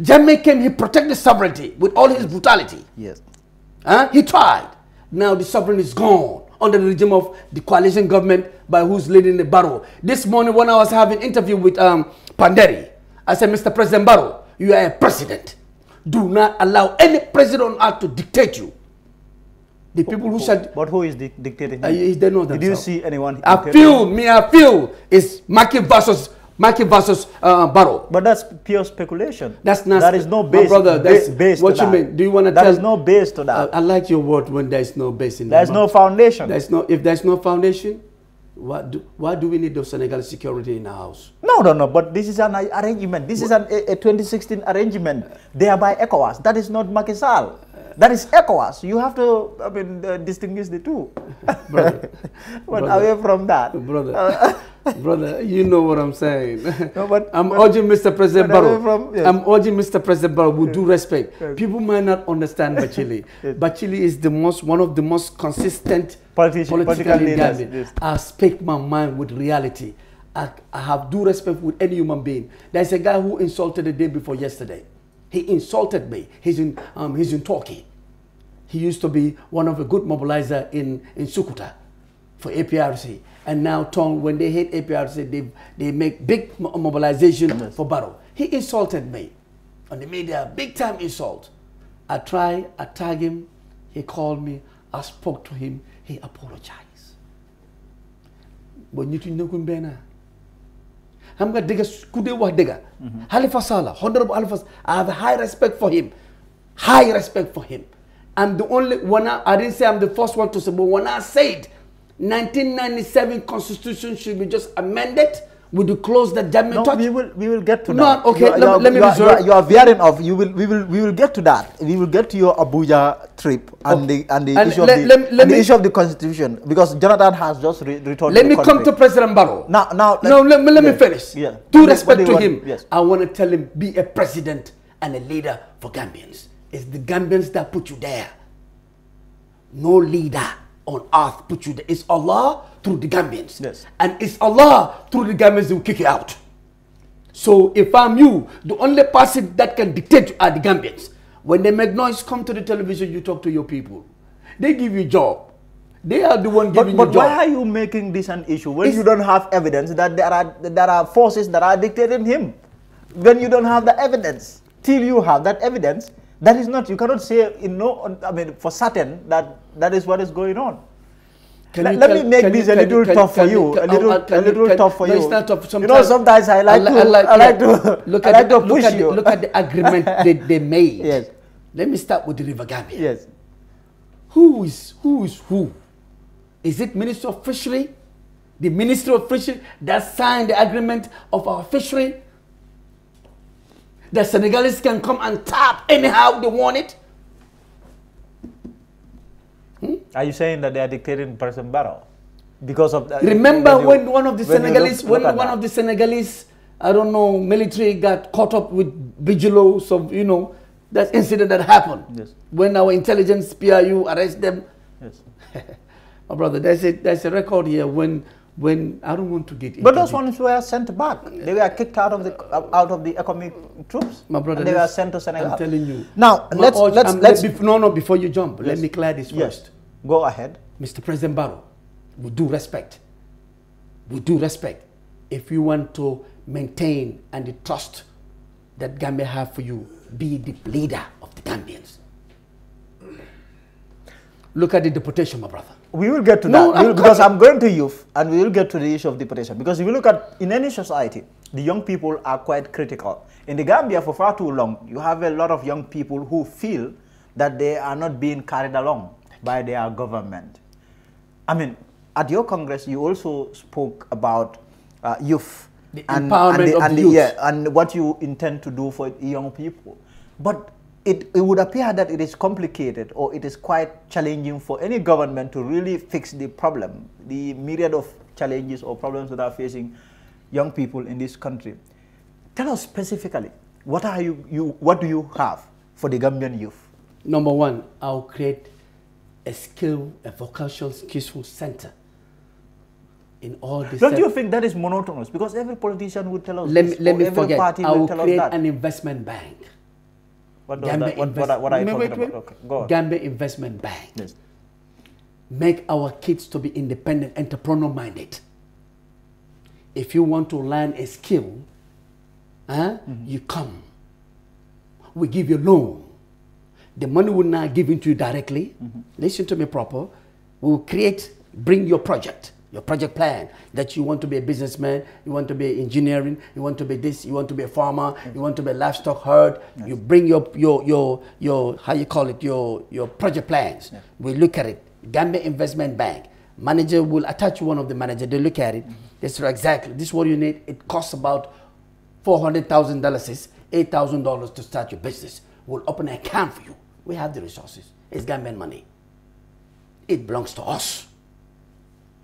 Jammeh came, he protected sovereignty with all his brutality. Yes. Huh? He tried. Now the sovereign is gone under the regime of the coalition government by who's leading the Barrow. This morning when I was having interview with um, Panderi, I said, Mr. President Barrow, you are a president. Do not allow any president on earth to dictate you the people who, who But who is dictating? Uh, they know themselves. Did you see anyone? A few, me a few is Maki versus market versus uh, But that's pure speculation. That's not. That is no base. My brother, that's What you that. mean? Do you want to tell? There is no base to that. I, I, like your word when there is no base in. There is no foundation. There is no. If there is no foundation, what do, why do we need the Senegal security in our house? No, no, no. But this is an arrangement. This what? is an, a, a, 2016 arrangement They are by ECOWAS. That is not Macky Sall. That is ECOWAS. You have to, I mean, uh, distinguish the two. brother. but brother. away from that. Brother. Uh, brother, you know what I'm saying. No, but, I'm but, urging Mr. President Barrow. yes. I'm urging Mr. President Barrow with yes. due respect. Yes. People might not understand Bachili. yes. Bachili is the most, one of the most consistent Politician, political leaders. I speak my mind with reality. I, I have due respect with any human being. There's a guy who insulted the day before yesterday. He insulted me. He's in, um, he's in Turkey. He used to be one of a good mobilizer in, in Sukuta for APRC. And now Tong, when they hate APRC, they, they make big mobilization yes. for Barrow. He insulted me on the media, big time insult. I tried, I tag him, he called me, I spoke to him, he apologized. But you know Kumbena. I'm going to kude wa dega. Mm-hmm. Halifa Salah, Honorable Halifa, I have high respect for him. High respect for him. I'm the only one, I, I didn't say I'm the first one to say, but when I said 1997 constitution should be just amended, would you close the German no, we will we will get to no, that. Okay, you, let, you, let me you, You are veering off. You will we will we will get to that. We will get to your Abuja trip and oh. the and the issue of the, issue of the constitution because Jonathan has just re returned. Let me come to President Barrow. Now now no let, let yes, me finish. Yeah. Due respect to want, him, yes. I want to tell him be a president and a leader for Gambians. It's the Gambians that put you there. No leader on earth put you there. It's Allah through the Gambians. Yes. And it's Allah through the Gambians who kick you out. So if I'm you, the only person that can dictate are the Gambians. When they make noise, come to the television, you talk to your people. They give you job. They are the one giving but, but you job. But why are you making this an issue when it's, you don't have evidence that there are, there are forces that are dictating him? When you don't have the evidence. Till you have that evidence, that is not, you cannot say, you know, I mean, for certain that that is what is going on. Can let, let me make this a little can, tough can, for you, a little, a little can, tough for no, you. not tough. Sometimes, you know, sometimes I like, to, I like, to, look at I like the, to push you. look at the agreement that they made. Yes. Let me start with the River Gambia. Yes. Who is who is who? Is it Minister of Fishery? The Minister of Fishery that signed the agreement of our fishery the Senegalese can come and tap anyhow they want it. Hmm? Are you saying that they are dictating person battle? Because of that. Remember when, you, one of the when Senegalese, look, look when one that. of the Senegalese, I don't know, military got caught up with Bigelow, so, you know, that incident that happened. Yes. When our intelligence PRU arrest them. Yes. My brother, there's a, there's a record here when when I don't want to get. But those ones were sent back. They were kicked out of the out of the economic troops. My brother, they were sent to Senegal. I'm telling you. Now let's let's, let's let no no before you jump. Yes. Let me clear this yes. first. Go ahead, Mr. President Barrow. We do respect. We do respect. If you want to maintain and the trust that Gambia have for you, be the leader of the Gambians. Look at the deportation, my brother we will get to no, that because I'm going to youth and we will get to the issue of deportation because if you look at in any society the young people are quite critical in the Gambia for far too long you have a lot of young people who feel that they are not being carried along by their government I mean at your congress you also spoke about uh, youth the and, empowerment and the, and the, youth. Yeah, and what you intend to do for young people but it, it would appear that it is complicated or it is quite challenging for any government to really fix the problem, the myriad of challenges or problems that are facing young people in this country. Tell us specifically, what, are you, you, what do you have for the Gambian youth? Number one, I'll create a skill, a vocational skillful center in all these. Don't you think that is monotonous? Because every politician would tell us. Let me, let me forget. I will create an investment bank. What, that, what, what, what are you talking about? Okay, go on. Investment Bank. Yes. Make our kids to be independent, entrepreneur minded. If you want to learn a skill, huh, mm-hmm. you come. We give you loan. The money will not give to you directly. Mm-hmm. Listen to me proper. We will create, bring your project your project plan that you want to be a businessman, you want to be engineering, you want to be this, you want to be a farmer, you want to be a livestock herd. Yes. You bring your, your, your, your, how you call it, your, your project plans. Yes. We look at it. Gambia Investment Bank, manager will attach one of the manager, they look at it. Mm -hmm. They say, exactly, this is what you need. It costs about $400,000, $8,000 to start your business. We'll open an account for you. We have the resources. It's Gambian money. It belongs to us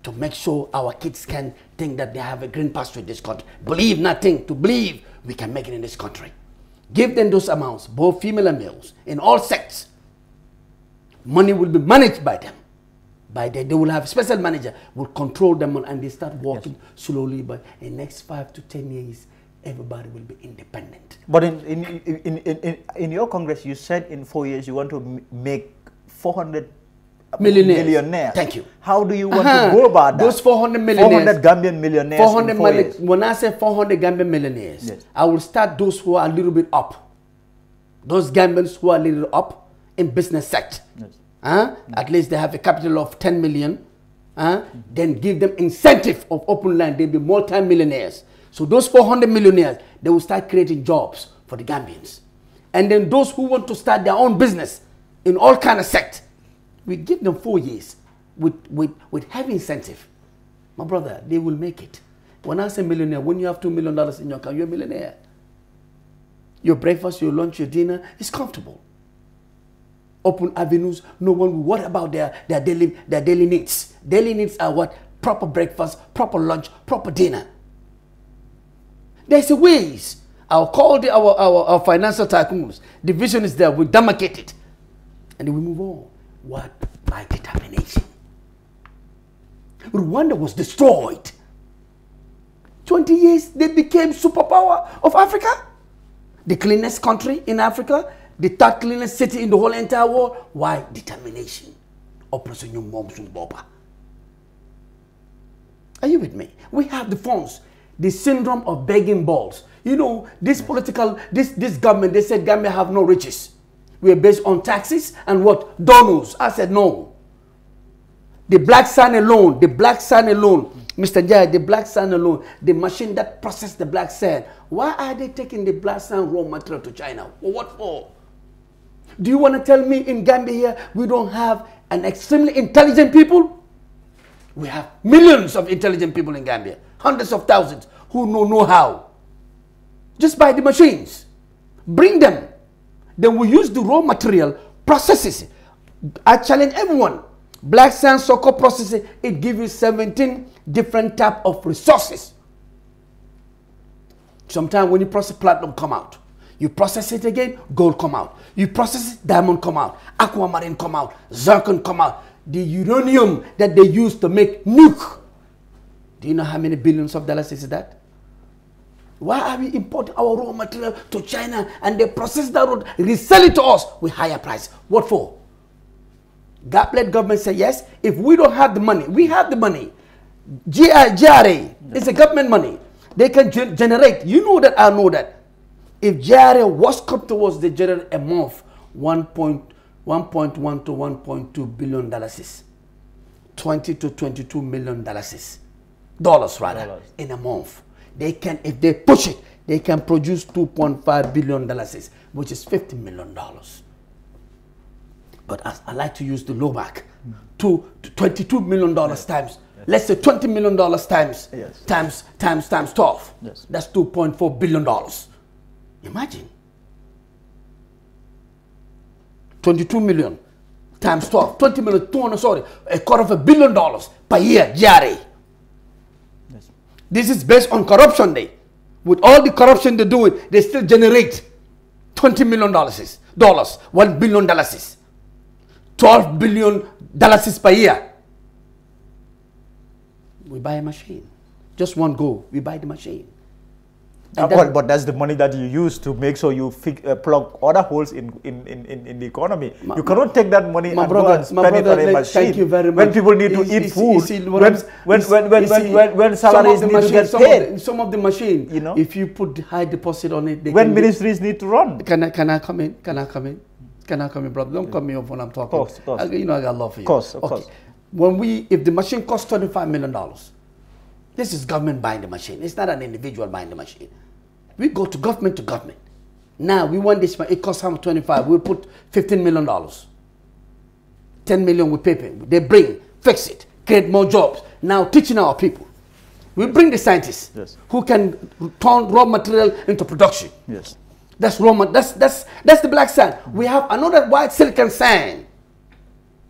to make sure our kids can think that they have a green pasture in this country. Believe nothing. To believe we can make it in this country. Give them those amounts, both female and males, in all sects. Money will be managed by them. By then, they will have a special manager, will control them, and they start working yes. slowly. But in next five to ten years, everybody will be independent. But in, in, in, in, in your Congress, you said in four years you want to make 400 millionaires. Thank you. How do you want uh -huh. to uh-huh. go about that? Those 400 millionaires. 400 Gambian millionaires. 400 When I say 400 Gambian millionaires, yes. I will start those who are a little bit up. Those Gambians who are a little up in business sector. Yes. Uh, mm -hmm. At least they have a capital of 10 million. Uh, mm -hmm. Then give them incentive of open land. They'll be multi-millionaires. So those 400 millionaires, they will start creating jobs for the Gambians. And then those who want to start their own business in all kind of sect. We give them four years with, with, with heavy incentive. My brother, they will make it. When I say millionaire, when you have $2 million in your account, you're a millionaire. Your breakfast, your lunch, your dinner is comfortable. Open avenues, no one will worry about their, their, daily, their daily needs. Daily needs are what? Proper breakfast, proper lunch, proper dinner. There's a ways. I'll call the, our, our, our financial tycoons. The vision is there. We demarcate it. And then we move on. What? My determination. Rwanda was destroyed. 20 years, they became superpower of Africa. The cleanest country in Africa, the third cleanest city in the whole entire world. Why? Determination. Operation Nyumongsun Boba. Are you with me? We have the funds, the syndrome of begging balls. You know, this political, this, this government, they said Gambia have no riches were based on taxes and what? Donors. I said, no. The black sand alone, the black sand alone, Mr. Jai, the black sand alone, the machine that processed the black sand, why are they taking the black sand raw material to China? what for? Do you want to tell me in Gambia here we don't have an extremely intelligent people? We have millions of intelligent people in Gambia, hundreds of thousands who know know how. Just buy the machines. Bring them. Then we use the raw material processes. I challenge everyone. Black sand soccer processing, it gives you 17 different type of resources. Sometimes when you process platinum come out. You process it again, gold come out. You process it, diamond come out. Aquamarine come out. Zircon come out. The uranium that they use to make nuke. Do you know how many billions of dollars is that? Why are we importing our raw material to China and they process that road, resell it to us with higher price? What for? That government said yes. If we don't have the money, we have the money. GRA is a government money. They can ge generate. You know that I know that. If GRA was cut towards the general a month, 1.1 to 1.2 billion dollars is 20 to 22 million dollars is dollars rather dollars. in a month they can, if they push it, they can produce 2.5 billion dollars, which is 50 million dollars. But as I like to use the low mm. to, to 22 million dollars yeah. times, yes. let's say 20 million dollars times, yes. times, times, times 12. Yes. That's 2.4 billion dollars. Imagine. 22 million times 12, 20 million, 200, sorry, a quarter of a billion dollars per year, GRA. This is based on corruption day. With all the corruption they're doing, they still generate $20 million, dollars, $1 billion, dollars, $12 billion dollars per year. We buy a machine. Just one go, we buy the machine. Uh, but, but that's the money that you use to make sure you uh, plug other holes in, in, in, in the economy. My, you cannot take that money and brother, go and spend brother, it on a machine. Thank you very much. When people need to is, eat is, food, is, when, when, when, when, when, when, when salaries need machine, to get some paid. Of the, some of the machine, you know? if you put high deposit on it, when ministries need to run. Can I, can I come in? Can I come in? Can I come in, brother? Don't cut me off when I'm talking. Course, course. I, you know I got love for you. Of Course, of okay. course. When we, if the machine costs $25 million, this is government buying the machine. It's not an individual buying the machine. We go to government to government. Now we want this, money. it costs 125. 25. We put 15 million dollars. 10 million we pay them. They bring, fix it, create more jobs. Now teaching our people. We bring the scientists yes. who can turn raw material into production. Yes. That's Roman. That's that's that's the black sand. We have another white silicon sand.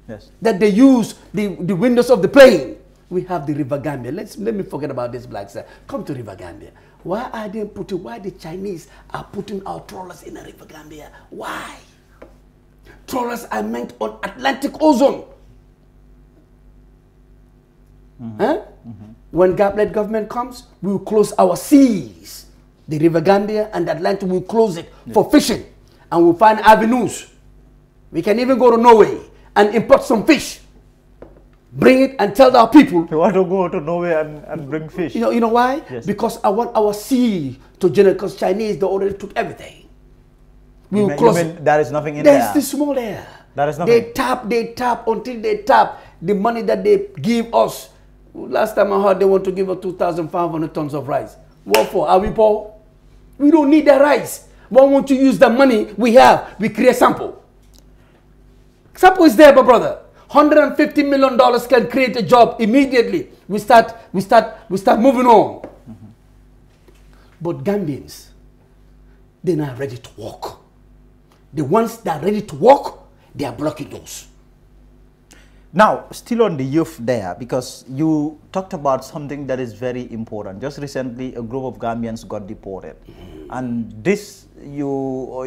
Yes. That they use the, the windows of the plane. We have the River Gambia. Let's let me forget about this black sand. Come to River Gambia. Why are they putting, why the Chinese are putting our trawlers in the River Gambia? Why? Trawlers are meant on Atlantic ozone. Mm -hmm. huh? mm -hmm. When Gablet government comes, we will close our seas. The River Gambia and Atlantic will close it for fishing. And we'll find avenues. We can even go to Norway and import some fish bring it and tell our people. We want to go to Norway and, and bring fish. You know, you know why? Yes. Because I want our sea to generate, because Chinese, they already took everything. We you mean, You mean there is nothing in There's there? There's the small there. There is nothing. They tap, they tap, until they tap the money that they give us. Last time I heard they want to give us 2,500 tons of rice. What for? Are we poor? We don't need the rice. Why won't you use the money we have? We create sample. Sample is there, but brother. 150 million dollars can create a job immediately. We start, we start, we start moving on. Mm -hmm. But Gambians, they're not ready to walk. The ones that are ready to walk, they are blocking those. Now, still on the youth there, because you talked about something that is very important. Just recently, a group of Gambians got deported. Mm -hmm. And this, you,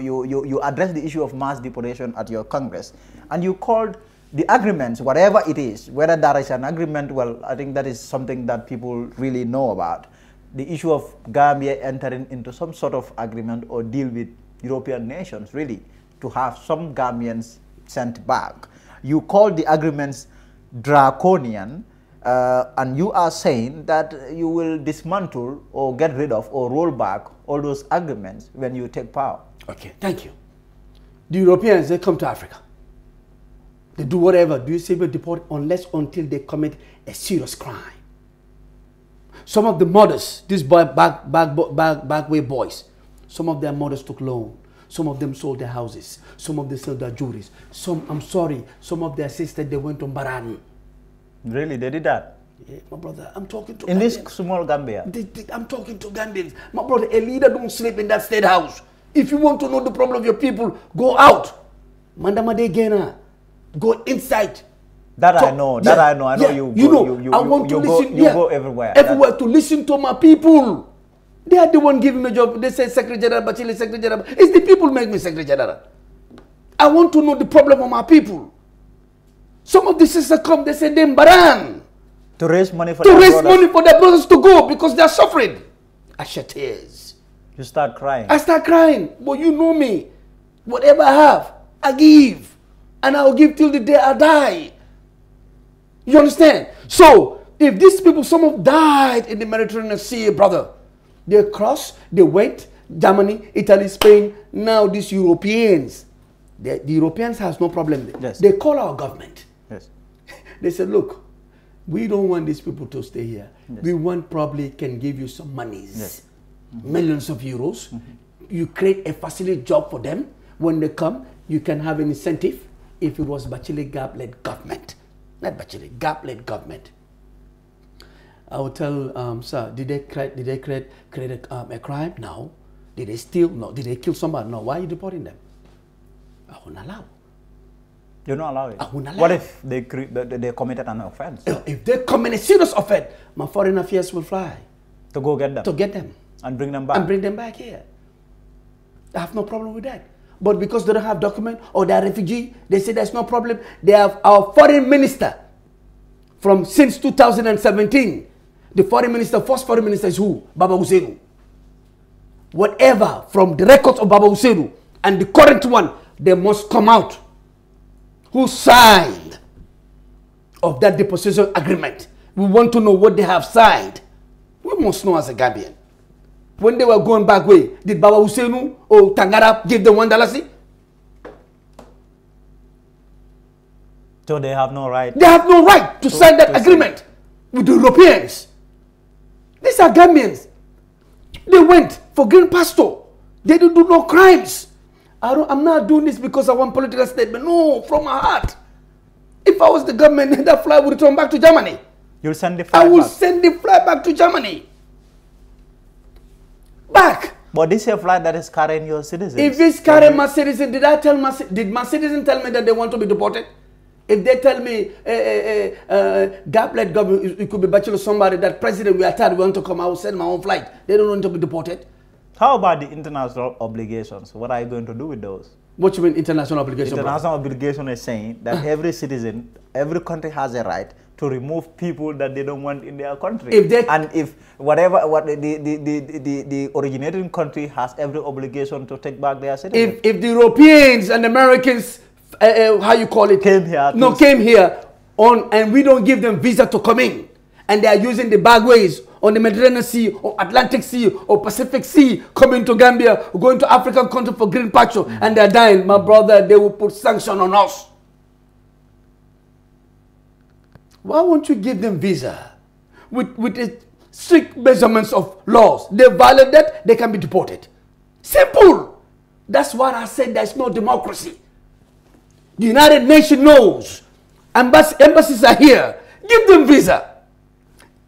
you, you, you addressed the issue of mass deportation at your Congress. And you called the agreements, whatever it is, whether that is an agreement, well, I think that is something that people really know about. The issue of Gambia entering into some sort of agreement or deal with European nations, really, to have some Gambians sent back. You call the agreements draconian, uh, and you are saying that you will dismantle or get rid of or roll back all those agreements when you take power. Okay, thank you. The Europeans, they come to Africa. They do whatever, do you civil deport unless until they commit a serious crime. Some of the mothers, these boy, back, back, back, back way boys, some of their mothers took loan. Some of them sold their houses. Some of them sold their jewelries. Some, I'm sorry, some of their sisters, they went on Baran. Really, they did that? Yeah, my brother, I'm talking to In Gambians. this small Gambia? They, they, I'm talking to Gambians. My brother, a leader don't sleep in that state house. If you want to know the problem of your people, go out. Mandamade Gena go inside. That I know. That yeah, I know. I know yeah, you. Go, you know. You, you, I want you, to listen. Go, you yeah, go everywhere. Everywhere to listen to my people. They are the one giving me job. They say Secretary General, Bachile Secretary General. It's the people make me Secretary General. I want to know the problem of my people. Some of the sisters come. They say they baran. To raise money for to raise brothers. money for their brothers to go because they are suffering. I shed tears. You start crying. I start crying. But you know me. Whatever I have, I give and I'll give till the day I die. You understand? So, if these people, some of died in the Mediterranean Sea, brother, they crossed, they went, Germany, Italy, Spain, now these Europeans. The, the Europeans has no problem. Yes. They call our government. Yes. they said, look, we don't want these people to stay here. Yes. We want probably can give you some monies, yes. mm -hmm. millions of euros. Mm -hmm. You create a facility job for them. When they come, you can have an incentive if it was Bachile Gab-led government. Not Bachile, Gab-led government. I would tell, um, sir, did they create, did they create, create a, um, a, crime? No. Did they steal? No. Did they kill somebody? No. Why are you deporting them? I won't allow. You're not allowing. I won't allow. What if they, they committed an offense? If they commit a serious offense, my foreign affairs will fly. To go get them? To get them. And bring them back? And bring them back here. I have no problem with that. But because they don't have document or they are refugee, they say there's no problem. They have our foreign minister from since 2017. The foreign minister, first foreign minister is who? Baba Usenu. Whatever from the records of Baba Usenu and the current one, they must come out. Who signed of that deposition agreement? We want to know what they have signed. We must know as a Gambian when they were going back way, did Baba Husseinu or Tangara give them one dollar see? So they have no right. They have no right to, to sign that to agreement with the Europeans. These are Gambians. They went for green pasture. They didn't do no crimes. I don't, I'm not doing this because I want political statement. No, from my heart. If I was the government, that fly would return back to Germany. You'll send the fly I will back. send the fly back to Germany back. But this is a flag that is carrying your citizens. If it's carrying my citizen, did I tell my did my citizen tell me that they want to be deported? If they tell me, eh, eh, eh, eh government, it could be bachelor somebody that president we are tired, we want to come, I will send my own flight. They don't want to be deported. How about the international obligations? What are you going to do with those? What you mean international obligation? International bro? obligation is saying that every citizen, every country has a right to remove people that they don't want in their country. If they and if whatever what the, the, the, the, the originating country has every obligation to take back their citizens. If, if the Europeans and Americans, uh, uh, how you call it? Came here. No, came here on, and we don't give them visa to come in. And they are using the bagways on the Mediterranean Sea or Atlantic Sea or Pacific Sea coming to Gambia, going to African country for green pasture, mm -hmm. and they're dying. My brother, they will put sanction on us. Why won't you give them visa with, with a strict measurements of laws? They violate that, they can be deported. Simple. That's why I said there's no democracy. The United Nations knows. Embass- embassies are here. Give them visa.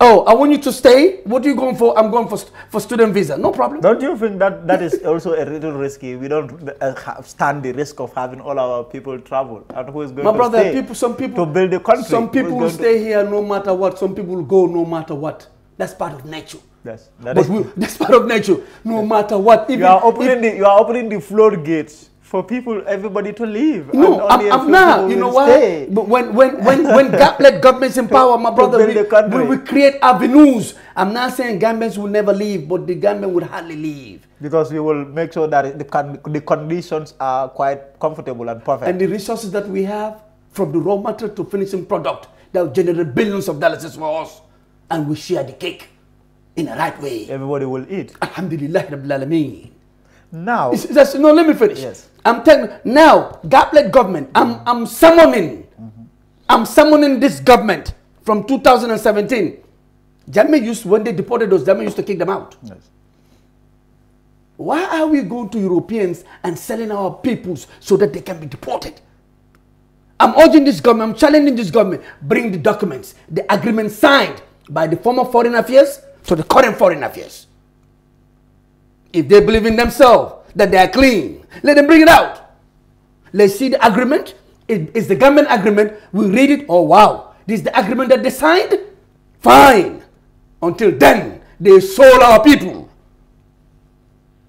Oh, I want you to stay. What are you going for? I'm going for for student visa. No problem. Don't you think that that is also a little risky? We don't uh, stand the risk of having all our people travel. And who is going My to brother, stay? people, some people to build the country. Some people will stay to... here no matter what. Some people will go no matter what. That's part of nature. Yes, that but is... we, that's part of nature. No matter what. Even, you are opening if, the you are opening the floodgates for people, everybody to leave. No, I'm, I'm not. You know why? But when when when when God let governments in power, my brother, we, we, we, create avenues. I'm not saying governments will never leave, but the government would hardly leave. Because we will make sure that the, con the conditions are quite comfortable and perfect. And the resources that we have, from the raw material to finishing product, that will generate billions of dollars for us. And we share the cake in the right way. Everybody will eat. Alhamdulillah, Now. It's, it's, no, let me finish. Yes. I'm telling you, now, goblet government, I'm, I'm summoning, mm -hmm. I'm summoning this government from 2017. Germany used, when they deported those, Germany used to kick them out. Yes. Why are we going to Europeans and selling our peoples so that they can be deported? I'm urging this government, I'm challenging this government, bring the documents, the agreement signed by the former foreign affairs to the current foreign affairs. If they believe in themselves, that they are clean. Let them bring it out. Let's see the agreement. It is the government agreement. We read it. Oh, wow. This is the agreement that they signed? Fine. Until then, they sold our people.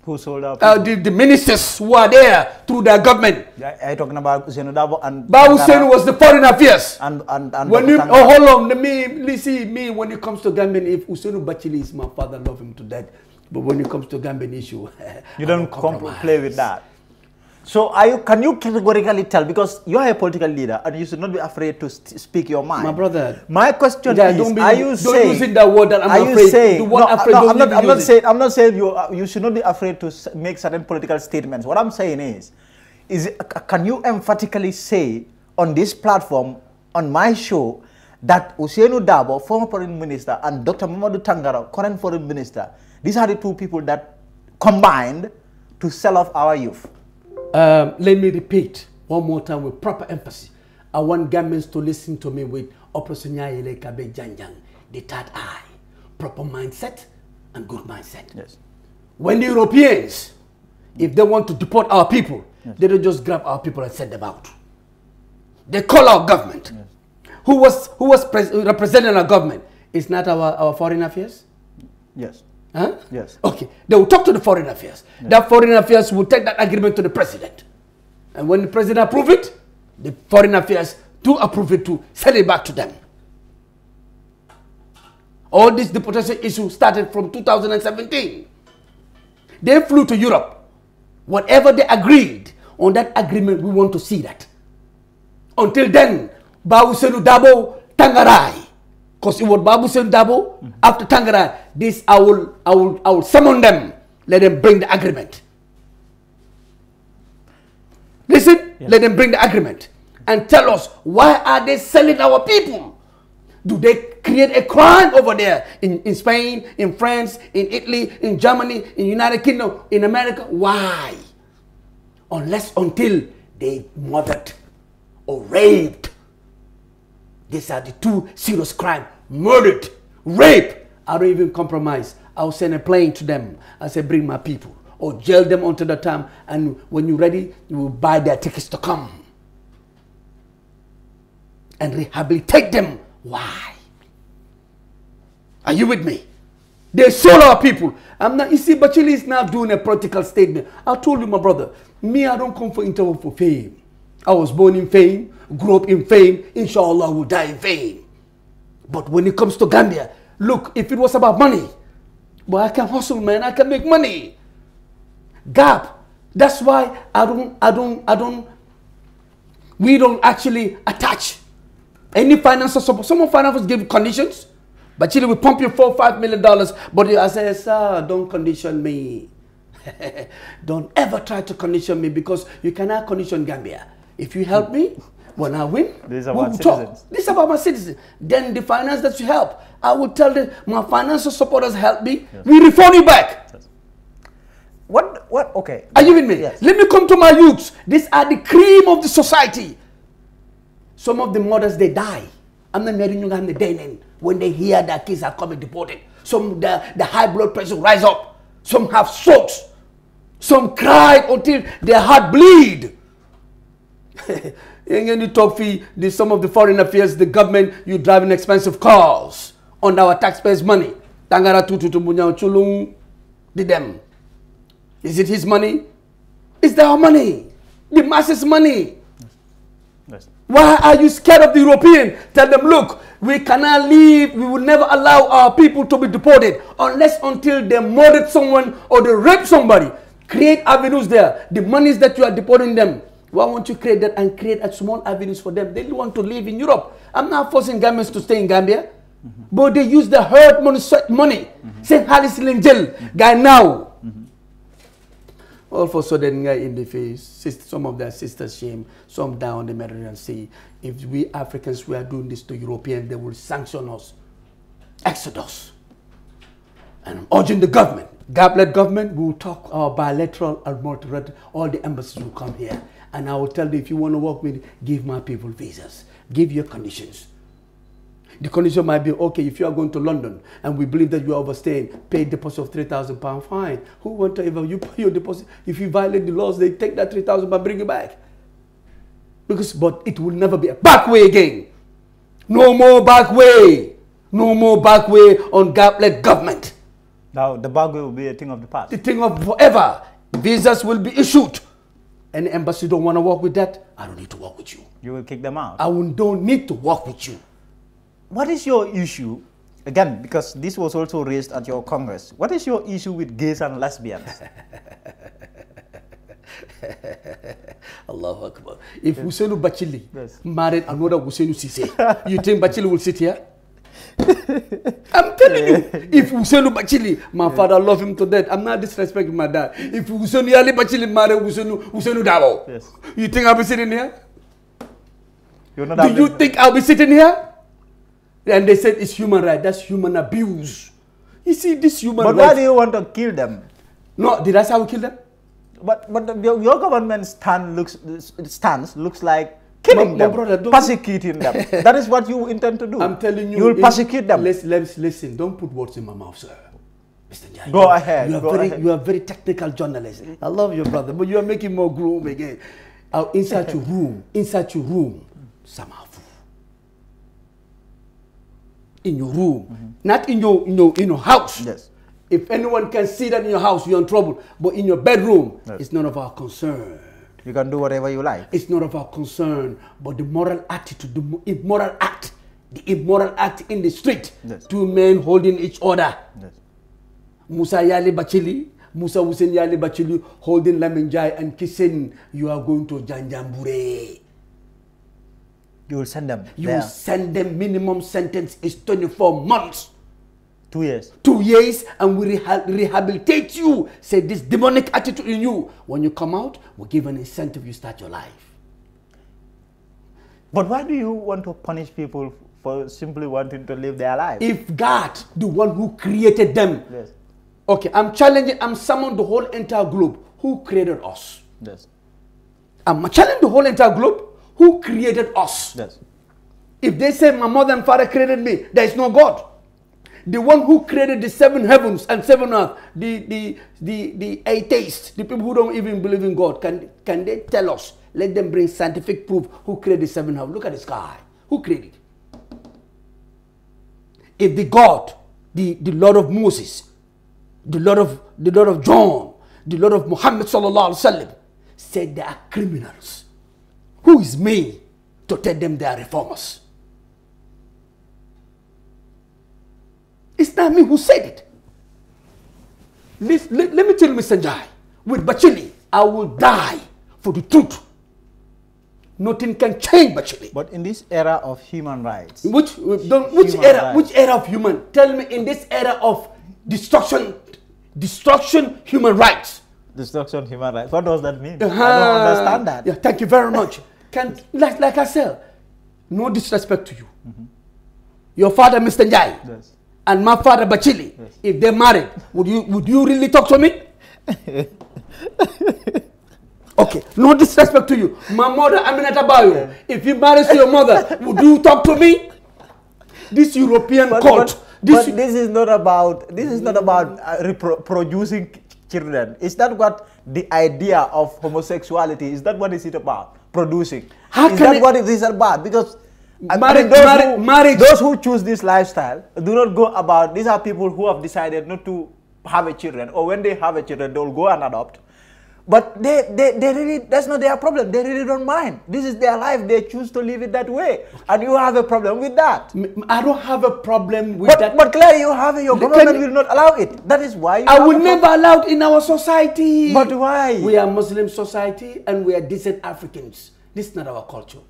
Who sold our uh, people? Uh, the, the, ministers who are there through their government. Yeah, are you talking about Zenodabo and... Babu Usenu was the foreign affairs. And, and, and when you, oh, hold on. Me, see, me, when it comes to government, if Usenu Bachili is my father, love him to death. But when it comes to Gambian issue, you don't play with that. So you, can you categorically tell, because you are a political leader and you should not be afraid to speak your mind. My brother. My question yeah, is, be, are you don't saying... Don't use that word that I'm are afraid. You saying, the word no, afraid, no, I'm, not, I'm saying, I'm not saying you, uh, you should not be afraid to make certain political statements. What I'm saying is, is uh, can you emphatically say on this platform, on my show, that Usainu Dabo, former foreign minister, and Dr. Mamadou Tangara, current foreign minister, these are the two people that combined to sell off our youth. Um, let me repeat one more time with proper emphasis. I want governments to listen to me with Operation Yayele Kabe Janjang, the third eye, proper mindset and good mindset. Yes. When the Europeans, if they want to deport our people, yes. they don't just grab our people and send them out. They call our government. Yes who was, who was representing our government. Is not our, our foreign affairs? Yes. Huh? Yes. Okay. They will talk to the foreign affairs. Yes. That foreign affairs will take that agreement to the president. And when the president approve it, the foreign affairs do approve it to send it back to them. All this deportation issue started from 2017. They flew to Europe. Whatever they agreed on that agreement, we want to see that. Until then, ba Usenu Dabo, Tangarai. Because it was Babu Sen Dabo, mm -hmm. after Tangarai, this I will, I will I will summon them, let them bring the agreement. Listen, yeah. let them bring the agreement and tell us why are they selling our people? Do they create a crime over there in, in Spain, in France, in Italy, in Germany, in United Kingdom, in America? Why? Unless until they murdered or raped these are the two serious crimes. Murdered, rape. I don't even compromise. I'll send a plane to them. I say, bring my people. Or jail them until the time. And when you're ready, you will buy their tickets to come. And rehabilitate them. Why? Are you with me? They sold our people. I'm not, you see, Bachili is now doing a political statement. I told you, my brother, me, I don't come for interview for fame. I was born in fame, grew up in fame, inshallah, I will die in fame. But when it comes to Gambia, look, if it was about money, well, I can hustle, man, I can make money. Gap. That's why I don't, I don't, I don't, we don't actually attach any financial support. Some of financiers give conditions, but Chile will pump you four, five million dollars. But I say, sir, don't condition me. don't ever try to condition me because you cannot condition Gambia. If you help me, when I win, these are we'll talk. Citizens. This is about my citizens. Then the finance that you help, I will tell them my financial supporters help me. Yes. We refund you back. What? What? Okay. Are you with me? Yes. Let me come to my youths. These are the cream of the society. Some of the mothers they die. I'm not marrying you. I'm the denen. When they hear that kids are coming deported, some the, the high blood pressure rise up. Some have strokes. Some cry until their heart bleed in the trophy, the some of the foreign affairs, the government, you driving expensive cars on our taxpayers' money. Tangara tututumbunya chulung did them. Is it his money? Is that our money. The masses' money. Why are you scared of the European? Tell them, look, we cannot leave. We will never allow our people to be deported unless until they murdered someone or they raped somebody. Create avenues there. The monies that you are deporting them, why won't you create that and create a small avenues for them? They want to live in Europe. I'm not forcing Gambians to stay in Gambia. Mm -hmm. But they use the hard money, money. Mm-hmm. Say, Halis guy now. Mm-hmm. All for sudden, guy in the face, some of their sisters shame, some down the Mediterranean Sea. If we Africans were doing this to Europeans, they will sanction us. Exodus. And I'm urging the government, Gablet government, we will talk our bilateral and multilateral, all the embassies will come here. And I will tell you, if you want to work with me, give my people visas. Give your conditions. The condition might be, okay, if you are going to London and we believe that you are overstaying, pay a deposit of £3,000 fine. Who want to ever, you pay your deposit. If you violate the laws, they take that £3,000 bring it back. Because, but it will never be a back way again. No more back way. No more back way on gap-led government. Now, the back way will be a thing of the past. The thing of forever. Visas will be issued an embassy don't want to work with that, I don't need to work with you. You will kick them out. I will, don't need to work with you. What is your issue? Again, because this was also raised at your congress. What is your issue with gays and lesbians? Allahu Akbar. If yes. Hussein Bachili yes. married another Hussein Sise, you think Bachili will sit here? I'm telling you, if Usenu Bachili, my father love him to death. I'm not disrespecting my dad. If Usenu Ali Bachili married Usenu, Usenu Davo, yes. you think I'll be sitting here? You're not Do you think I'll be sitting here? And they said it's human right. That's human abuse. You see, this human But rights, why do you want to kill them? No, did I say I will kill them? But, but the, your, your government stand looks, stance looks like killing my, them, my brother, persecuting them. that is what you intend to do. I'm telling you, you will persecute them. Let's, let's listen. Don't put words in my mouth, sir. Mr. Njai, go ahead. You are go very, ahead. you are very technical journalist. I love your brother, but you are making more groom again. I'll insert your room, insert your room, somehow. In your room, mm -hmm. not in your, in your in your house. Yes. If anyone can see that in your house, you're in trouble. But in your bedroom, yes. it's none of our concern. You can do whatever you like. It's not of our concern, but the moral attitude, the immoral act, the immoral act in the street. Two men holding each other. Musa Yali Bachili, Musa Hussein Yali Bachili holding Laminjai and kissing. You are going to Janjambure. You will send them. You will send them. Minimum sentence is months. Two years. Two years, and we reha rehabilitate you. Say this demonic attitude in you. When you come out, we give an incentive. You start your life. But why do you want to punish people for simply wanting to live their life? If God, the one who created them, yes. Okay, I'm challenging, I'm summoning the whole entire globe. Who created us? Yes. I'm challenging the whole entire globe. Who created us? Yes. If they say my mother and father created me, there is no God the one who created the seven heavens and seven earth, the, the, the, the atheists, the people who don't even believe in God, can, can they tell us? Let them bring scientific proof who created the seven heavens. Look at the sky. Who created? it? If the God, the, the Lord of Moses, the Lord of, the Lord of John, the Lord of Muhammad sallallahu alaihi wasallam said they are criminals, who is me to tell them they are reformers? It's not me who said it. Let, let, let me tell Mr. Jai, with Bachili, I will die for the truth. Nothing can change Bachili. But in this era of human rights. Which, don't, uh, which era? Rights. Which era of human? Tell me in this era of destruction, destruction human rights. Destruction human rights. What does that mean? Uh -huh. I don't uh-huh. understand that. Yeah, thank you very much. can, like, like I said, no disrespect to you. Mm -hmm. Your father, Mr. Njai. Yes and my father Bachili, yes. if they married, would you would you really talk to me? okay, no disrespect to you. My mother Aminata Bayo, if you marry to your mother, would you talk to me? This European but, But, this, but this is not about this is not mm. about uh, reproducing children. Is that what the idea of homosexuality is that what is it about? Producing. How is that it, what it is about? Because married, those, who, those who choose this lifestyle do not go about, these are people who have decided not to have a children or when they have a children, they'll go and adopt. But they, they, they really, that's not their problem. They really don't mind. This is their life. They choose to live it that way. And you have a problem with that. I don't have a problem with but, that. But clearly you have it. Your government will not allow it. That is why I will never allow it in our society. But why? We are Muslim society and we are decent Africans. This is not our culture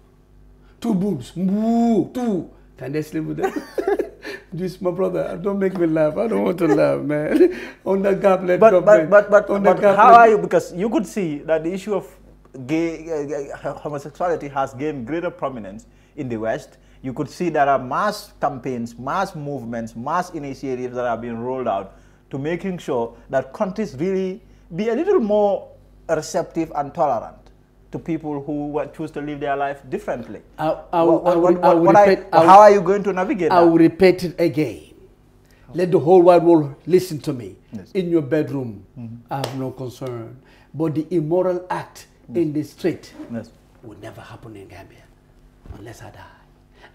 two boobs, two. Can they sleep with that? this my brother don't make me laugh i don't want to laugh man on the gap let but, go but, but but on but, but how are you because you could see that the issue of gay uh, uh, homosexuality has gained greater prominence in the west you could see there are mass campaigns mass movements mass initiatives that are being rolled out to making sure that countries really be a little more receptive and tolerant to people who choose to live their life differently? how are you going to navigate? I will that? repeat it again. Okay. Let the whole world listen to me. Yes. In your bedroom, mm -hmm. I have no concern. But the immoral act yes. in the street yes. will never happen in Gambia unless I die.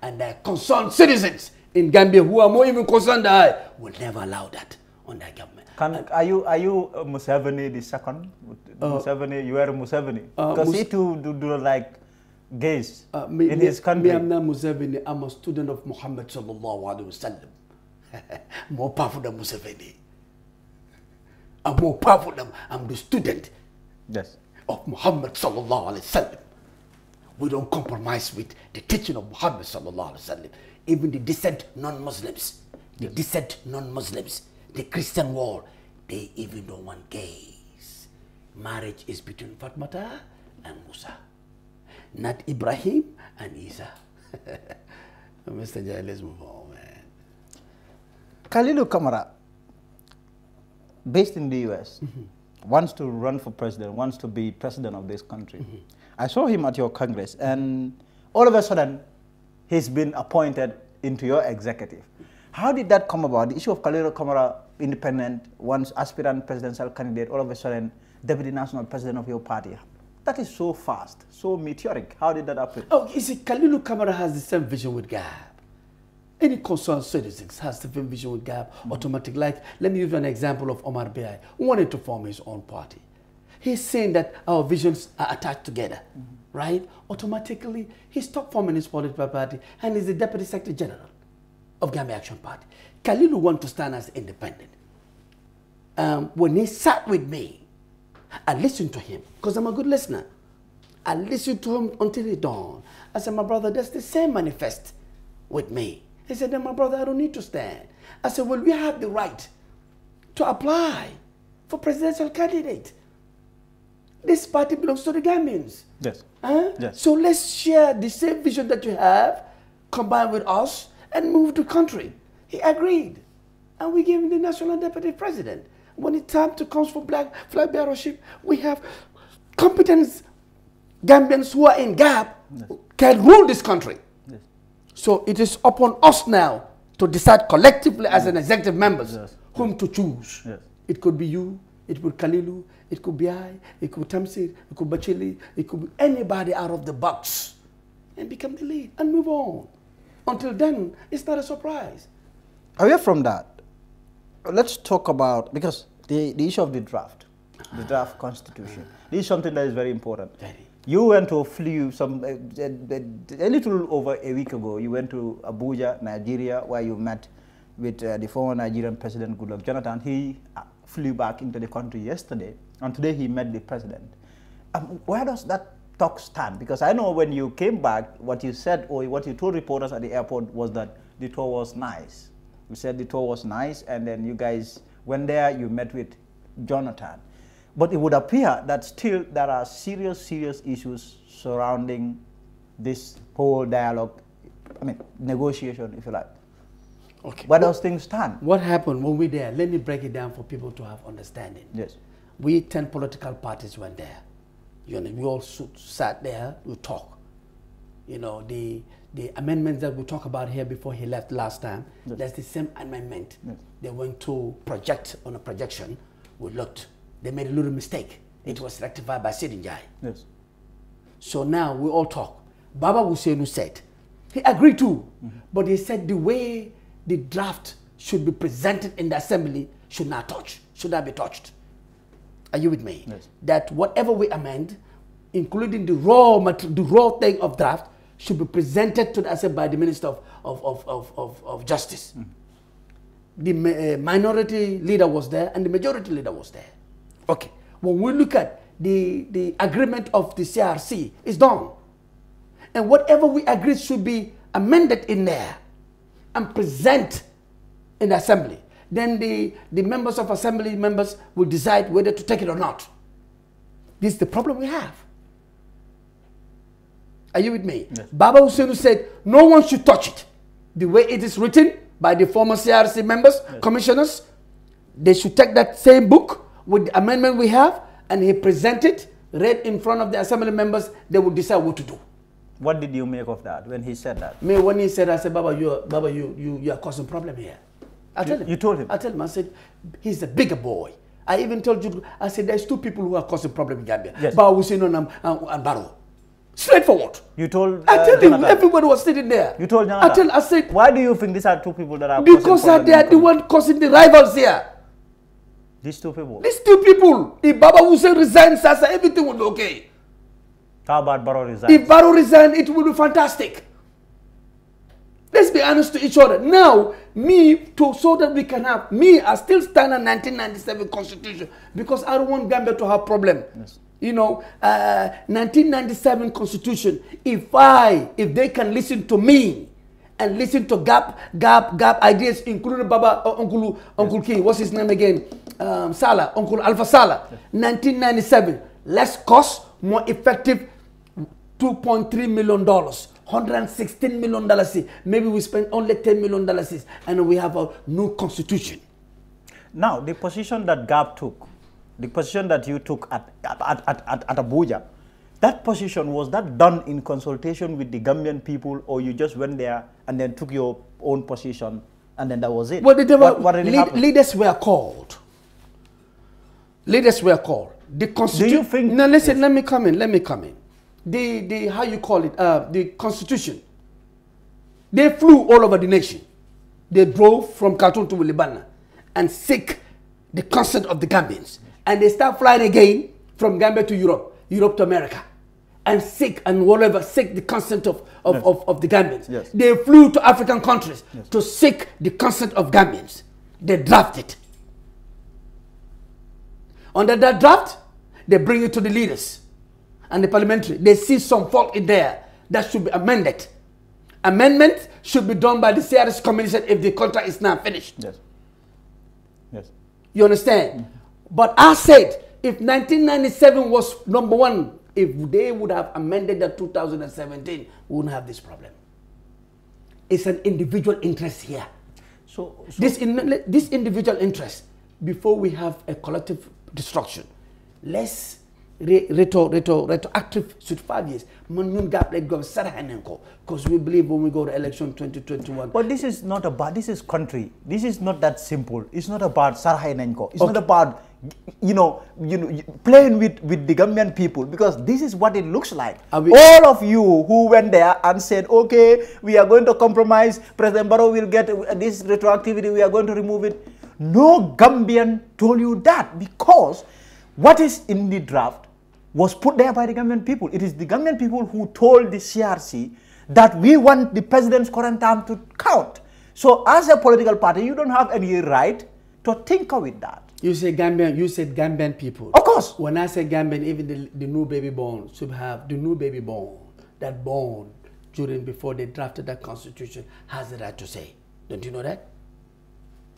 And the concerned citizens in Gambia who are more even concerned than I will never allow that on their government. Can, are you are you uh, Museveni the second? Uh, Museveni, you are Museveni because uh, Mus he too do, do like gays uh, me, in me, his country. Me, I'm not Museveni. I'm a student of Muhammad sallallahu alaihi wasallam. more powerful than Museveni. I'm more powerful than I'm the student. Yes. Of Muhammad sallallahu alaihi wasallam. We don't compromise with the teaching of Muhammad sallallahu alaihi wasallam. Even the decent non-Muslims, the yes. decent non-Muslims the Christian world, they even don't want gays. Marriage is between Fatmata and Musa, not Ibrahim and Isa. Mr. Jai, let's move on, man. Khalilu Kamara, based in the US, mm -hmm. wants to run for president, wants to be president of this country. Mm -hmm. I saw him at your Congress, and all of a sudden, he's been appointed into your executive. How did that come about? The issue of Khalilu Kamara independent, once aspirant presidential candidate, all of a sudden, deputy national president of your party. That is so fast, so meteoric. How did that happen? Oh, you see, Kalilu Kamara has the same vision with Gab. Any concerned citizens has the same vision with Gab, mm automatic. light. let me give you an example of Omar Bey, wanted to form his own party. He's saying that our visions are attached together, mm -hmm. right? Automatically, he stopped forming his political party and is the deputy secretary general of Gambia Action Party. Kalilu want to stand as independent. Um, when he sat with me, I listened to him because I'm a good listener. I listened to him until he dawned. I said, my brother, that's the same manifest with me. He said, then my brother, I don't need to stand. I said, well, we have the right to apply for presidential candidate. This party belongs to the Gambians. Yes. Huh? yes. So let's share the same vision that you have, combine with us, and move the country. He agreed. And we gave him the national deputy president. When it's time to come for black flag bearership, we have competent Gambians who are in gap yes. can rule this country. Yes. So it is upon us now to decide collectively as an executive members yes. whom to choose. It could be you, it could be Kalilu, it could be I, it could be Tamsir, it could be Bachili, it could be anybody out of the box and become the lead and move on. Until then, it's not a surprise away from that, let's talk about because the, the issue of the draft, the draft constitution. This is something that is very important. You went to flew some a, eh, eh, eh, a, little over a week ago. You went to Abuja, Nigeria, where you met with uh, the former Nigerian president Goodluck Jonathan. He uh, flew back into the country yesterday, and today he met the president. Um, where does that talk stand? Because I know when you came back, what you said or what you told reporters at the airport was that the tour was nice. We said the tour was nice, and then you guys went there, you met with Jonathan. But it would appear that still there are serious, serious issues surrounding this whole dialogue, I mean, negotiation, if you like. Okay. Where does things stand? What happened when we there? Let me break it down for people to have understanding. Yes. We 10 political parties went there. You know, we all sat there, we talk. You know, the the amendments that we talked about here before he left last time, yes. that's the same amendment. Yes. They went to project on a projection. We looked. They made a little mistake. Yes. It was rectified by Sidinjai. Yes. So now we all talk. Baba Wusenu said, he agreed too, mm -hmm. but he said the way the draft should be presented in the assembly should not touch, should not be touched. Are you with me? Yes. That whatever we amend, including the raw, the raw thing of draft, should be presented to the asset by the Minister of, of, of, of, of, Justice. Mm. The uh, minority leader was there and the majority leader was there. Okay. When we look at the, the agreement of the CRC, it's done. And whatever we agree should be amended in there and present in the assembly. Then the, the members of assembly members will decide whether to take it or not. This is the problem we have. Are you with me? Yes. Baba Husseinu said, no one should touch it. The way it is written by the former CRC members, yes. commissioners, they should take that same book with the amendment we have and he present it, read in front of the assembly members, they will decide what to do. What did you make of that when he said that? Me, when he said, I said, Baba, you are, Baba, you, you, you are causing problem here. I you, tell him. You told him? I tell him, I said, he's a bigger boy. I even told you, I said, there's two people who are causing problem in Gambia. Yes. Baba Hussein and, and, um, and Barrow. Straightforward. You told. Uh, I tell him. everybody everyone was sitting there. You told Jonathan. I tell. I said. Why do you think these are two people that are? Because they are the, one causing the rivals here. These two people. These two people. If Baba Hussein resigns, Sasa, everything will be okay. How about Baro resigns? If Baro resigns, it will be fantastic. Let's be honest to each other. Now, me, to, so that we can have, me, I still stand on 1997 constitution because I don't want Gambia to have problem. Yes you know, uh, 1997 constitution, if I, if they can listen to me and listen to gap, gap, gap ideas, including Baba, uh, Uncle, Uncle yes. what's his name again? Um, Uncle Alpha Sala. 1997, less cost, more effective, $2.3 million. 116 million dollars. Maybe we spend only 10 million dollars and we have a new constitution. Now, the position that GAP took the position that you took at, at, at, at, at Abuja, that position, was that done in consultation with the Gambian people or you just went there and then took your own position and then that was it? Well, what, what really lead, leaders were called. Leaders were called. The Do you think... No, listen, yes. let me come in, let me come in. The, the how you call it, uh, the constitution, they flew all over the nation. They drove from Khartoum to Wilibana and seek the consent of the Gambians and they start flying again from Gambia to Europe, Europe to America, and sick and whatever, sick the consent of, of, yes. of, of, the Gambians. Yes. They flew to African countries yes. to seek the consent of Gambians. They drafted. Under that draft, they bring it to the leaders and the parliamentary. They see some fault in there that should be amended. Amendment should be done by the CRS Commission if the contract is not finished. Yes. Yes. You understand? Mm -hmm. But I said, if 1997 was number one, if they would have amended that 2017, we wouldn't have this problem. It's an individual interest here. So, so this, in, this individual interest, before we have a collective destruction, let's retro, retro, retroactive should five years. Because we believe when we go to election 2021. But this is not about, this is country. This is not that simple. It's not about Sarhainenko. It's okay. not about, you know, you know, playing with, with the Gambian people because this is what it looks like. We, All of you who went there and said, okay, we are going to compromise, President Barrow will get this retroactivity, we are going to remove it. No Gambian told you that because what is in the draft was put there by the Gambian people. It is the Gambian people who told the CRC that we want the president's current term to count. So as a political party, you don't have any right to tinker with that. You say Gambian, you said Gambian people. Of course. When I say Gambian, even the, the new baby born should have the new baby born that born during before they drafted that constitution has the right to say. Don't you know that?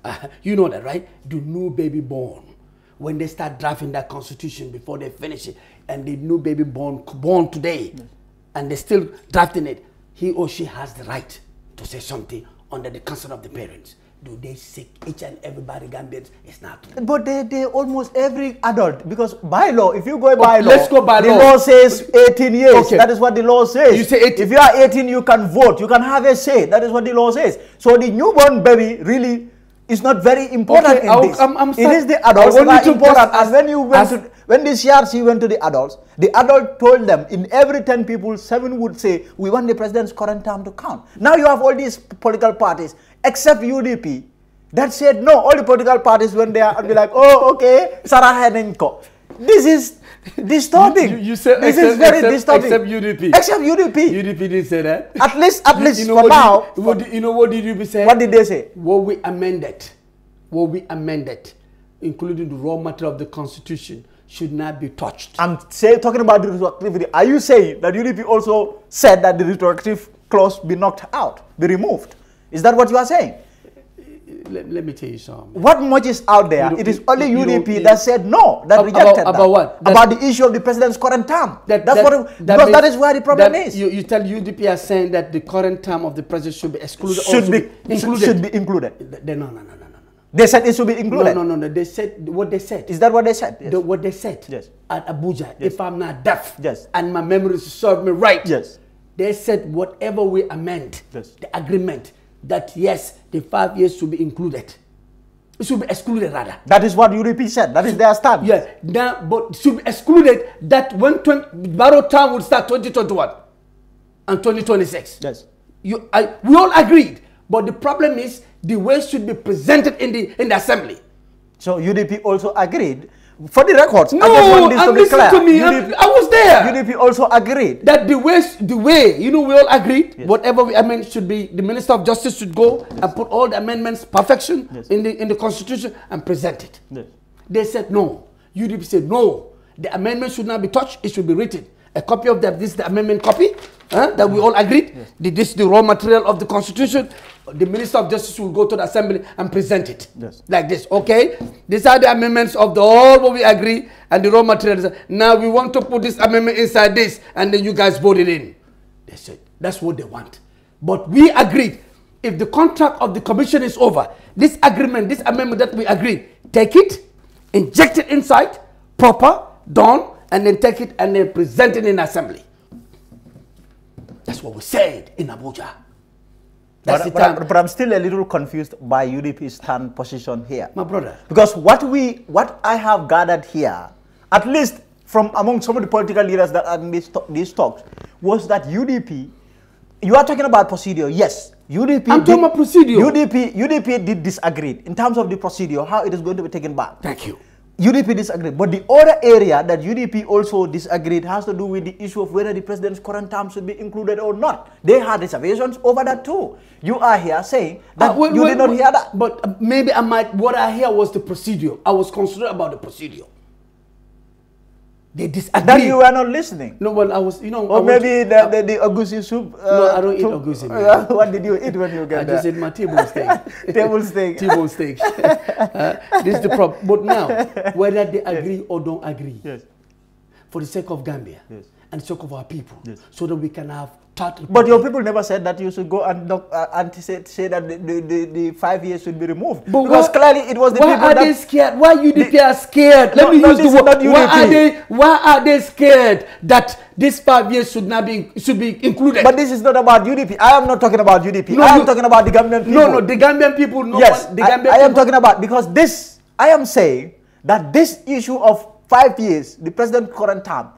Uh, you know that, right? The new baby born when they start drafting that constitution before they finish it, and the new baby born, born today, yes. and they're still drafting it, he or she has the right to say something under the consent of the parents. Do they seek each and everybody Gambians? It's not. True. But they, they almost every adult because by law, if you go by law, let's go by the law. law says 18 years. Okay. That is what the law says. You say 18. If you are 18, you can vote. You can have a say. That is what the law says. So the newborn baby really is not very important okay, in this. I'm, I'm it is the adults that are important. As, and when you went as, to, when the CRC went to the adults, the adult told them in every 10 people, seven would say, we want the president's current term to count. Now you have all these political parties, except UDP, that said no. All the political parties when they are, and be like, oh, okay, Sarah Henenko. This is disturbing. You, you, you said this except, is very except, disturbing. Except UDP. Except UDP. UDP didn't say that. At least, at you, least you know for now. Did, for, you know what UDP say? What did they say? What we amended, what we amended, including the raw matter of the constitution, should not be touched. I'm say, talking about the retroactivity. Are you saying that UDP also said that the retroactive clause be knocked out, be removed? Is that what you are saying? let, let me tell you something. What much is out there? It is only UDP that said no, that about, rejected about, that. what? That, about the issue of the president's current term. That, That's that, what it, because that is where the problem is. You, you tell UDP are saying that the current term of the president should be excluded. Should be, included. Should be included. They, no, no, no, no, no. They said it should be included. No, no, no, no. They said what they said. Is that what they said? Yes. The, what they said. Yes. At Abuja, yes. if I'm not deaf. Yes. And my memory serve me right. Yes. They said whatever we amend, yes. the agreement that yes, the five years should be included. It should be excluded rather. That is what UDP said. That is their stand. Yeah. Now, but should be excluded that when 20, Barrow Town would start 2021 and 2026. Yes. You, I, we all agreed. But the problem is the way should be presented in the, in the assembly. So UDP also agreed for the record, no, I just want this to be clear. to me. UDP, I was there. UDP also agreed that the way, the way, you know, we all agreed. Yes. Whatever we amend should be, the Minister of Justice should go yes. and put all the amendments perfection yes. in the in the Constitution and present it. They said no. UDP said no. The amendment should not be touched. It should be written. A copy of that. This is the amendment copy huh, that we all agreed. This is the raw material of the Constitution the Minister of Justice will go to the Assembly and present it. Yes. Like this, okay? These are the amendments of the all what we agree and the raw materials. Now we want to put this amendment inside this and then you guys vote it in. They said, that's what they want. But we agreed, if the contract of the commission is over, this agreement, this amendment that we agreed, take it, inject it inside, proper, done, and then take it and then present it in assembly. That's what we said in Abuja. That's but, the but, I'm still a little confused by UDP's stand position here. My brother. Because what we, what I have gathered here, at least from among some of the political leaders that had these talks, was that UDP, you are talking about procedure, yes. UDP I'm talking about procedure. UDP, UDP did disagree in terms of the procedure, how it is going to be taken back. Thank you. UDP disagreed. But the other area that UDP also disagreed has to do with the issue of whether the president's current term should be included or not. They had reservations over that too. You are here saying that uh, wait, you wait, did not wait, hear that. But uh, maybe I might, what I hear was the procedure. I was concerned about the procedure. They disagree. That you were not listening. No, but I was, you know. Or maybe to, the, the, the soup. Uh, no, I don't eat Ogusi. Uh, what did you eat when you got I there? just ate my table steak. t steak. t steak. Uh, this is the problem. But now, whether they agree yes. or don't agree, yes. for the sake of Gambia yes. and the sake of our people, yes. so that we can have but your people never said that you should go and uh, and say, say that the, the, the, the, five years should be removed. But because clearly it was the why people are that, they scared? Why UDP they, are scared? Let no, me use the word. Why are they? Why are they scared that these five years should not be should be included? But this is not about UDP. I am not talking about UDP. No, I am you, talking about the Gambian people. No, no, the Gambian people. No yes, one, the I, Gambian I, I am talking about because this. I am saying that this issue of five years, the president current term,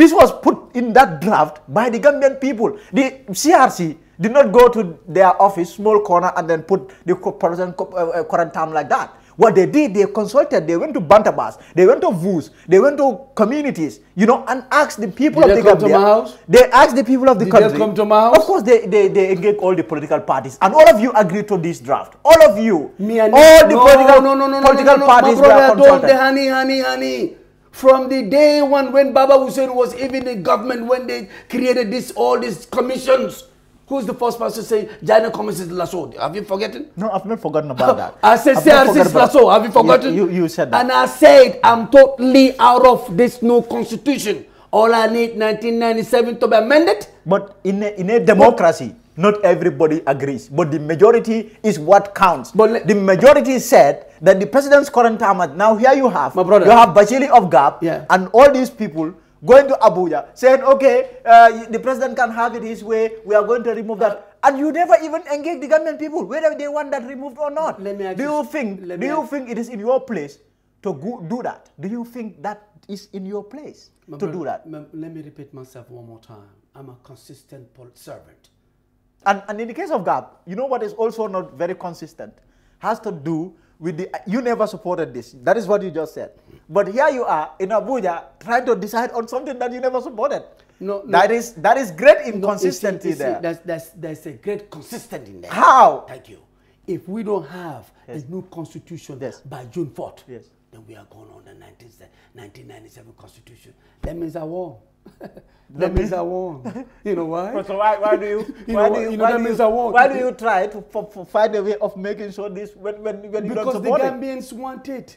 this was put in that draft by the Gambian people. The CRC did not go to their office, small corner, and then put the current uh, uh, term like that. What they did, they consulted, they went to Bantabas, they went to VUS, they went to communities, you know, and asked the people did of the country. They asked the people of the did country. They come to my house? Of course, they, they, they engaged all the political parties. And all of you agreed to this draft. All of you. Me and all the no, political, no, no, no, no, no, no, parties my brother, were consulted. honey, honey, honey. From the day one when Baba Hussein was even in government, when they created this all these commissions, Who's the first person say Jaina Commerce is Lasso? Have you forgotten? No, I've not forgotten about that. I said CRC is Lasso. Have you forgotten? You, you, you, said that. And I said I'm totally out of this new constitution. All I need 1997 to be amended. But in a, in a democracy, not everybody agrees. But the majority is what counts. But the majority said that the president's current term, now here you have, My brother. you have Bashiri of Gap yeah. and all these people going to Abuja saying, okay, uh, the president can have it his way, we are going to remove that. Uh, and you never even engage the government people, whether they want that removed or not. Let me do you think, do you think it is in your place to go, do that? Do you think that is in your place My to brother, do that? Let me repeat myself one more time. I'm a consistent servant. And, and in the case of GAP, you know what is also not very consistent? Has to do with the, you never supported this. That is what you just said. But here you are in Abuja trying to decide on something that you never supported. No, no. That is that is great inconsistency no, there. There's, there's, there's a great consistency in there. How? Thank you. If we don't have yes. a new constitution yes. by June 4th, yes we are going on the 19, 1997 Constitution. That means I won. that means I won. You know why? So why, why do you? you why know, do you? you know, why means you, I Why do you try to for, for find a way of making sure this when when when you because don't support the Gambians it? want it.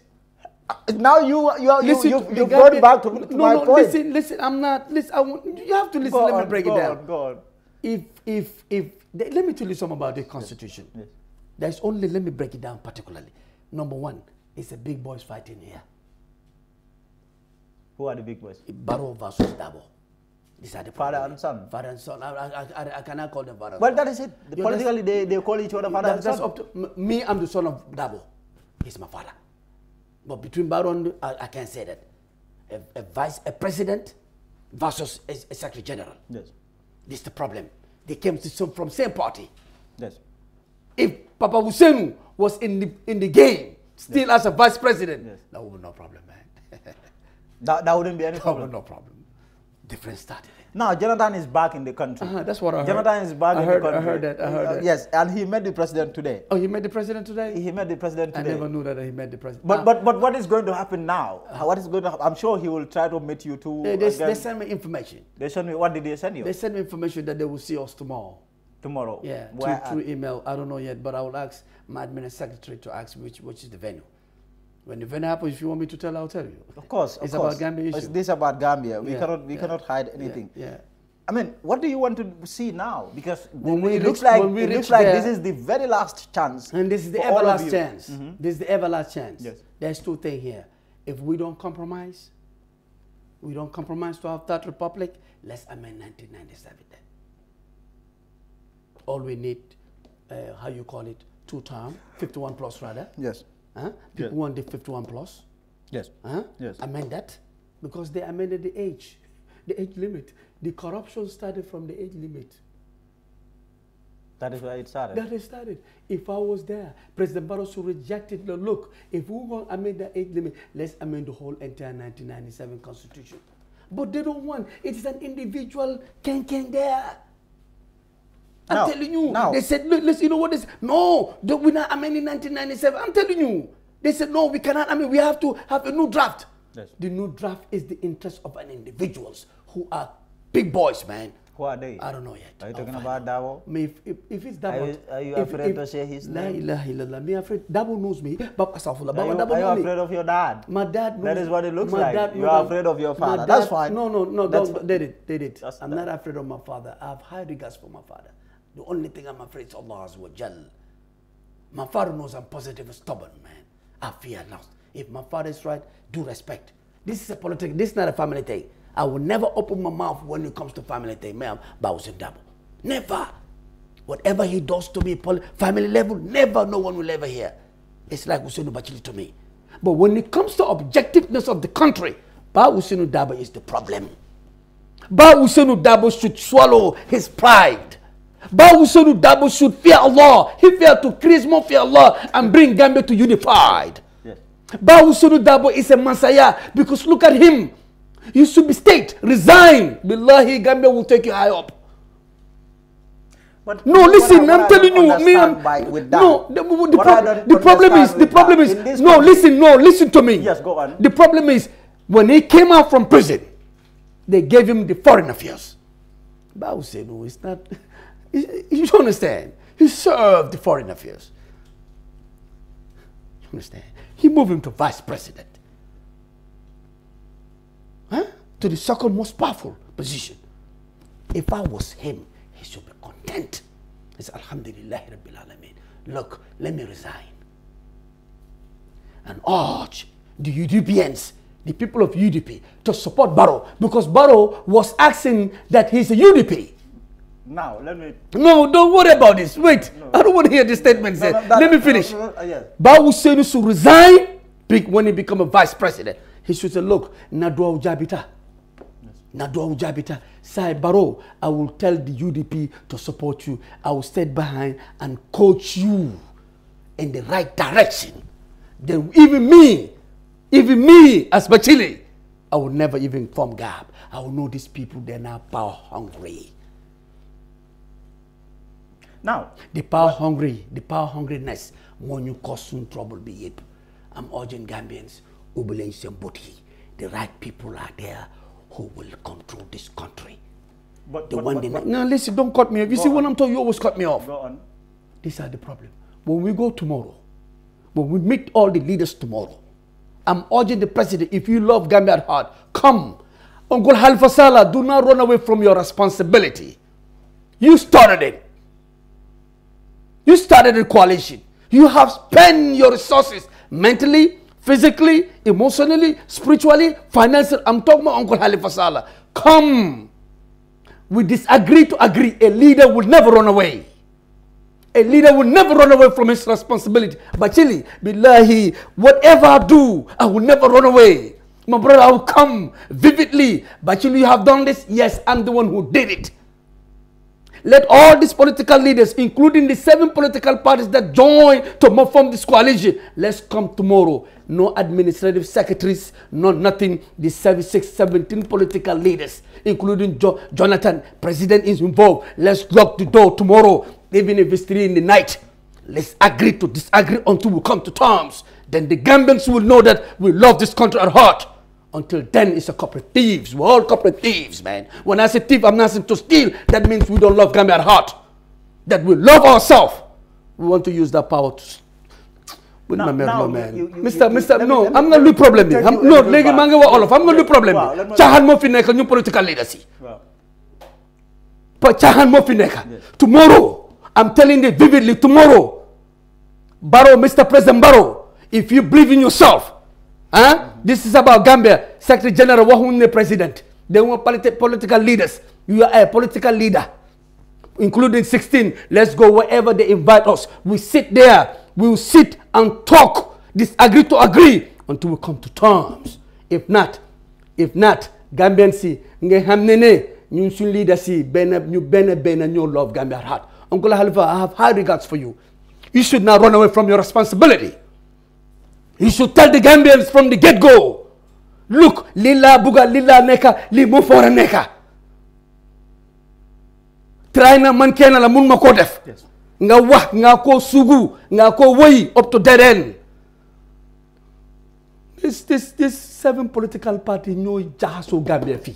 Uh, now uh, you you listen, you you, you brought back to, to no, my no, point. listen listen I'm not listen I want, you have to listen go let on, me break it down. On, go on. If if if let me tell you something about the Constitution. Yes. Yes. There's only let me break it down particularly. Number one, it's a big boys fighting here. Who are the big boys? Barrow versus Dabo. These are the father and son. Father and son. I, I, I, I cannot call them father. Well, that is it. Politically, they, they call each other father that, and son. me, I'm the son of Dabo. He's my father. But between Baron, I, I can't say that. A, a, vice, a president versus a, a secretary general. Yes. This is the problem. They came to some, from same party. Yes. If Papa Hussein was in the in the game, still yes. as a vice president, yes. that would be no problem, man. that, that wouldn't be any problem. Be no problem. Different started. Now Jonathan is back in the country. Uh -huh, that's what I heard. Jonathan is back I in heard, the country. I heard that. I heard uh, that. Yes, and he met the president today. Oh, he met the president today. He met the president today. I never knew that he met the president. But ah. but but what is going to happen now? what is going to? Happen? I'm sure he will try to meet you too. They, they, they send me information. They send me. What did they send you? They send me information that they will see us tomorrow. Tomorrow. Yeah, Where through, through email. I don't know yet, but I will ask my administrative secretary to ask which, which is the venue. When the venue happens, if you want me to tell, I'll tell you. Of course, of it's course. about Gambia issue. It's this about Gambia. We yeah, cannot we yeah, cannot hide anything. Yeah, I mean, what do you want to see now? Because when we it looks reach, like it looks like there, this is the very last chance. And this is the everlast chance. Mm -hmm. This is the everlast chance. Yes. There's two things here. If we don't compromise, we don't compromise to our third republic. Let's amend 1997 all we need, uh, how you call it, two term, 51 plus rather. Yes. Huh? People yes. want the 51 plus. Yes. Huh? Yes. Amend that because they amended the age, the age limit. The corruption started from the age limit. That is where it started. That is started. If I was there, President Barroso rejected the look. If we want to amend the age limit, let's amend the whole entire 1997 constitution. But they don't want. It is an individual can can there. I'm telling you. They said, look, listen, you know what this? No, the, we're not in 1997. I'm telling you. They said, no, we cannot. I mean, we have to have a new draft. Yes. The new draft is the interest of an individuals who are big boys, man. Who are they? I don't know yet. Are you talking about Davo? Me, if, if, if it's Davo. Are you, are you if, afraid if, to say his la name? La ilaha illallah. Me afraid. Davo knows me. Baba Safullah. Are you, are you afraid of your dad? My dad knows That is what it looks like. Dad, you are afraid of your father. Dad, that's fine. No, no, no. they did. They did. I'm that. not afraid of my father. I have high regards for my father. The only thing I'm afraid is Allah Azza Jal. My father knows I'm positive and stubborn, man. I fear not. If my father is right, do respect. This is a political. This is not a family thing. I will never open my mouth when it comes to family thing, ma'am. Bowsing double. Never. Whatever he does to me, family level, never, no one will ever hear. It's like Usunu Bachili to me. But when it comes to objectiveness of the country, Ba Usunu Daba is the problem. Ba Usunu Daba should swallow his pride. But whosoever Dabo should fear Allah. He failed to create more fear Allah and bring Gambia to unified. Yes. But Dabo is a messiah because look at him. You should be state, resign. Billahi, Gambia will take you high up. But no, listen, I, am telling you, me, I'm, no, the, the, pro the problem is, the problem is no, listen, no, listen to me. Yes, go on. The problem is, when he came out from prison, they gave him the foreign affairs. Bao said, no, it's not, you, don't understand? He served the foreign affairs. You understand? He moved him to vice president. Huh? To the second most powerful position. If I was him, he should be content. It's Alhamdulillah Rabbil Alameen. Look, let me resign. And urge the UDPNs, the people of UDP, to support Barrow because Barrow was asking that he's a UDP. Now, let me... No, don't worry about this. Wait. No. I don't want to hear this statement no, no, that, let me finish. No, no, yes. Bawusenu should resign when he become a vice president. He should say, look, Nadwa Ujabita. Nadwa Ujabita. Sai Baro, I will tell the UDP to support you. I will stand behind and coach you in the right direction. Then even me, even me as Bachili, I will never even form gap. I will know these people, they're now power hungry. Now, the power hungry, the power hungriness, when you cause some trouble be it. I'm urging Gambians, the right people are there who will control this country. But, the but, one but, but, no, listen, don't cut me off. You see, on. I'm talking, you always cut me off. Go on. These are the problem. When we go tomorrow, when we meet all the leaders tomorrow, I'm urging the president, if you love Gambia at heart, come. Uncle Halifa Salah, do not run away from your responsibility. You started it. You started a coalition. You have spent your resources mentally, physically, emotionally, spiritually, financially. I'm talking about Uncle Halifa Salah. Come. We disagree to agree. A leader will never run away. A leader will never run away from his responsibility. But chili, billahi, whatever I do, I will never run away. My brother, I will come vividly. But you have done this. Yes, I'm the one who did it. Let all these political leaders, including the seven political parties that join to form this coalition, let's come tomorrow. No administrative secretaries, no nothing. The 76, 17 political leaders, including jo Jonathan, president is involved. Let's lock the door tomorrow, even if it's three in the night. Let's agree to disagree until we come to terms. Then the Gambians will know that we love this country at heart. Until then, it's a corporate thieves. We're all corporate thieves, man. When I say thief, I'm not saying to steal. That means we don't love Gambia at heart. That we love ourselves. We want to use that power to with now, my man, now, man. You, you, Mr. You, Mr. Me, no, me, I'm not to do problem. You, I'm, no, léegi maa ngi wax olof I'm not to do problem. caaxaan moo fi nekk political legacy. But waaw Mofineka. tomorrow I'm telling you vividly tomorrow. Barrow, Mr. President Barrow, if you believe in yourself. Huh? This is about Gambia. Secretary General, the president. They want politi political leaders. You are a political leader, including 16. Let's go wherever they invite us. We sit there. We will sit and talk, disagree to agree, until we come to terms. If not, if not, Gambian si, nge hamnene, nyun sun leader si, love Gambia heart. Uncle Halifa, I have high regards for you. You should not run away from your responsibility. He should tell the Gambians from the get-go, look, lila buga lila neka, limu mufora neka. Try na man kena la mun mako def. Nga wah, nga ko sugu, nga ko up to dead end. This, this, this seven political party no jahaso Gambia fi.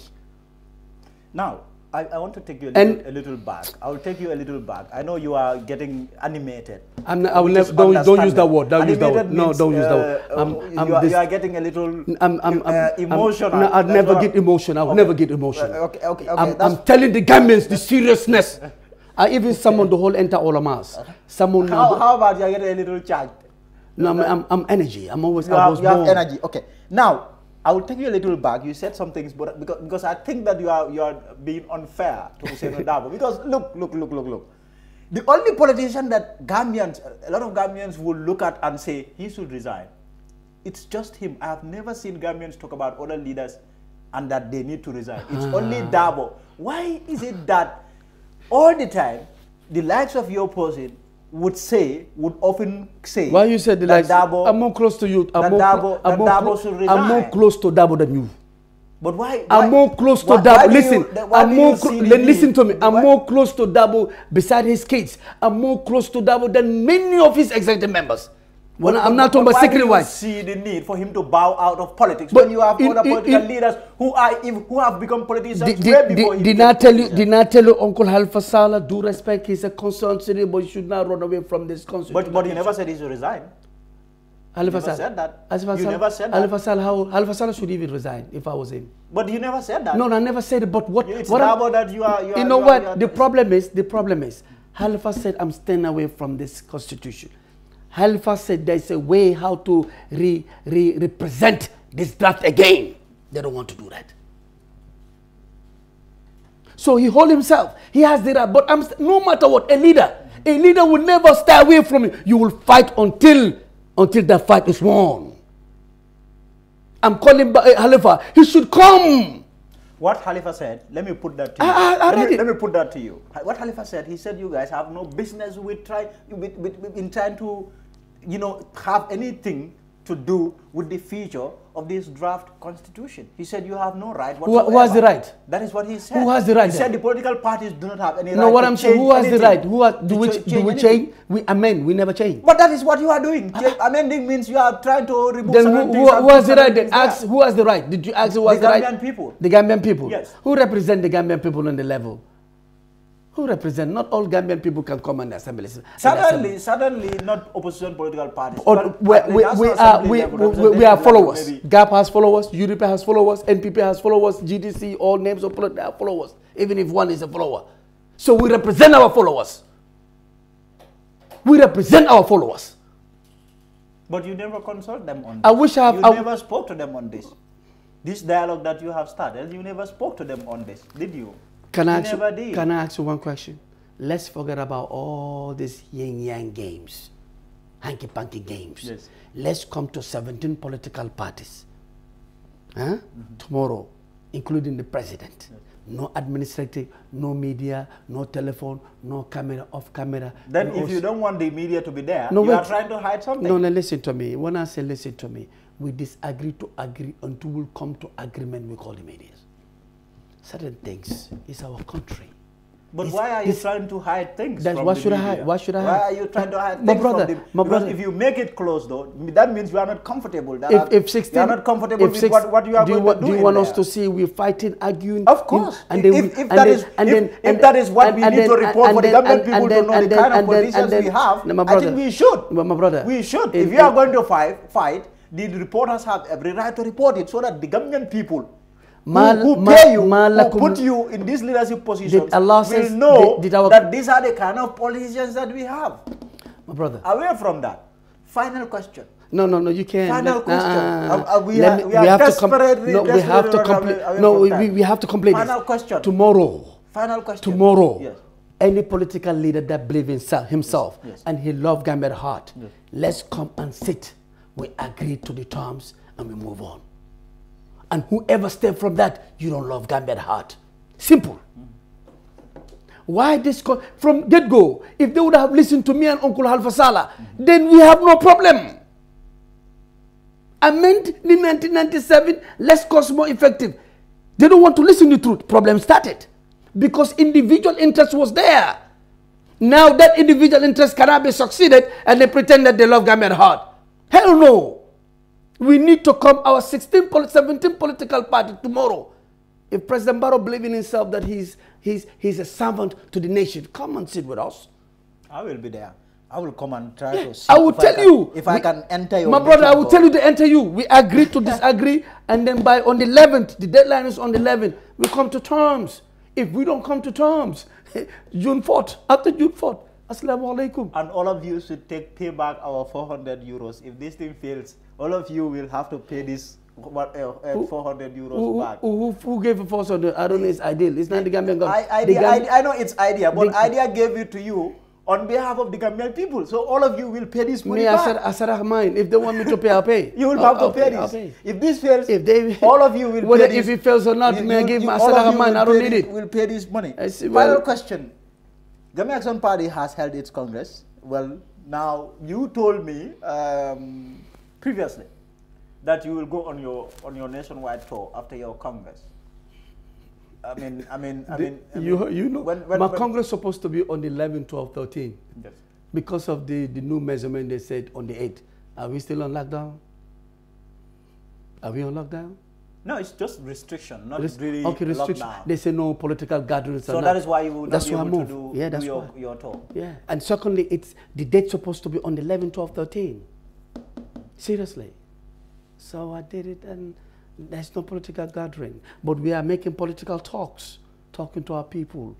Now, I, I want to take you a little, a little back. I'll take you a little back. I know you are getting animated. I'm not, I will never, don't, don't use that word. Don't animated use that word. No, means, don't use that word. Uh, I'm, uh, I'm you, are, this, you, are, getting a little I'm, I'm, uh, emotional. I'm, no, I'll never, get emotion. I'll okay. never get uh, emotion. okay, okay, okay. I'm, I'm telling the gamins the seriousness. I even summoned the whole entire Olamas. Someone how, how about you get a little charged? No, I'm, I'm, I'm energy. I'm always. You I have, you born. have energy. Okay. Now, I will take you a little back. You said some things, but because, because I think that you are you are being unfair to Hussein Odabo. Because look, look, look, look, look. The only politician that Gambians, a lot of Gambians will look at and say he should resign. It's just him. I have never seen Gambians talk about other leaders and that they need to resign. It's ah. only Dabo. Why is it that all the time the likes of your person would say, would often say. Why you said like Dabo, I'm more close to you. I'm more, Dabo, I'm, more Dabo I'm more close to Dabo than you. But why? why I'm more close to why, Dabo. Why listen, you, I'm more. Then listen to me. I'm why? more close to Dabo beside his kids. I'm more close to Dabo than many of his executive members. When I'm not talking about secret wise. see the need for him to bow out of politics but when you have it, other it, political it, leaders who are who have become politicians did, way before did, did not tell you did not tell you Uncle Halifa Salah do respect he's a constituent but you should not run away from this constitution. But but he never said he should resign. Halifa Salah said that. Halifa you never said that. Halifa Salah, how, Halifa Salah should even resign if I was him. But you never said that. No, no I never said it. But what? It's what about that you are. You, are, know you what? Are, the problem is the problem is Halifa said I'm staying away from this constitution. Halifa said there's a way how to re, re, represent this draft again. They don't want to do that. So he hold himself. He has the right. But I'm, no matter what, a leader, a leader will never stay away from you. You will fight until, until that fight is won. I'm calling eh, Halifa. He should come. What Halifa said, let me put that to you. I, I, I let, me, let, me, put that to you. What Halifa said, he said you guys have no business with, try, with, with, with in trying to you know, have anything to do with the future of this draft constitution. He said you have no right whatsoever. Who has the right? That is what he said. Who has the right? He said the political parties do not have any no, right what I'm saying, who has anything. the right? Who do, we, ch do we change? We amend, we never change. But that is what you are doing. Uh, amending means you are trying to remove Then who, who, who has the right? Then ask, who has the right? Did you ask who has the, the right? The Gambian people. The Gambian people? Yes. Who represent the Gambian people on the level? who represent. Not all Gambian people can come and assemble. Suddenly, suddenly, not opposition political parties. we, we, we, are, we, we, we, are followers. Maybe. GAP has followers, UDP has followers, NPP has followers, GDC, all names of they are followers, even if one is a follower. So we represent our followers. We represent our followers. But you never consult them on this. I wish I have. You I never spoke to them on this. This dialogue that you have started, you never spoke to them on this, did you? Can I, ask, can I ask you one question? Let's forget about all these yin yang games, hanky panky games. Yes. Let's come to 17 political parties huh? Mm -hmm. tomorrow, including the president. Yes. No administrative, no media, no telephone, no camera, off camera. Then if you don't want the media to be there, no, you wait. are trying to hide something. No, no, listen to me. When I say listen to me, we disagree to agree until we come to agreement We call the media certain things. It's our country. But it's, why are you trying to hide things? That's why should media? I hide? Why should I why hide? Why are you trying to hide my things brother, from the, my brother. if you make it close, though, that means you are not comfortable. That if, are, if 16, you are not comfortable with six, what, what, you are do going you, to do. Do you want there? us to see we're fighting, arguing? Of course. And if, then, if, if that is then, if, that is what and, we need then, to report for the government people to know the kind of positions we have, I think we should. My brother, we should. If you are going to fight, fight, the reporters have every right to report it so that the government people who, who pay you, who put you in these leadership positions, Allah says, know did, did that these are the kind of politicians that we have. My brother. Away from that. Final question. No, no, no, you can't. Final question. Uh, uh, uh, uh we, are, me, we, we, have to complete. No, we have to complete. No, we, we have to complete. Final this. question. Tomorrow. Final question. Tomorrow. Yes. Any political leader that believes himself, himself yes. Yes. and he loves Gambia heart, let's come and sit. We agree to the terms and we move on. And whoever steps from that, you don't love Gambia at heart. Simple. Why this? from get go, if they would have listened to me and Uncle Alpha Sala, mm-hmm. then we have no problem. I meant the 1997, let's cost more effective. They don't want to listen to the truth. Problem started because individual interest was there. Now that individual interest cannot be succeeded and they pretend that they love Gambia at heart. Hell no. We need to come, our 16, 17 political party tomorrow. If President Barrow believes in himself that he's, he's, he's a servant to the nation, come and sit with us. I will be there. I will come and try yeah, to I will tell I can, you. If we, I can enter your... My brother, I will tell you to enter you. We agree to disagree. and then by on the 11th, the deadline is on the 11th, we come to terms. If we don't come to terms, June 4th, after June 4th, Assalamu alaikum. And all of you should take pay back our 400 euros. If this thing fails, all of you will have to pay this what, uh, eh, uh, eh, 400 euros who, back. Who, who, gave 400? I don't know, it's ideal. It's not the Gambian government. I, idea, I, I, know it's idea, but the, idea gave it to you on behalf of the Gambian people. So all of you will pay this money me, back. I said, mine. If they want me to pay, I'll pay. you will I'll, have to pay, pay this. Pay. If this fails, if they, all of you will If it fails or not, you, may you, I give you, Asarah mine. I don't need it. will pay this money. I see, well, Final question. Gambian Action Party has held its Congress. Well, now you told me um, previously that you will go on your on your nationwide tour after your Congress? I mean, I mean, I mean, I mean you, you know, when, when, my when, Congress supposed to be on the 11, 12, 13. Yes. Because of the, the new measurement they said on the 8th. Are we still on lockdown? Are we on lockdown? No, it's just restriction, not Rest really okay, restriction. Lockdown. They say no political gatherings. So that is why you would that's not be able to do, yeah, that's do your, your talk. Yeah, and secondly, it's the date supposed to be on the 11, 12, 13. Seriously. So I did it, and there's no political gathering. But we are making political talks, talking to our people,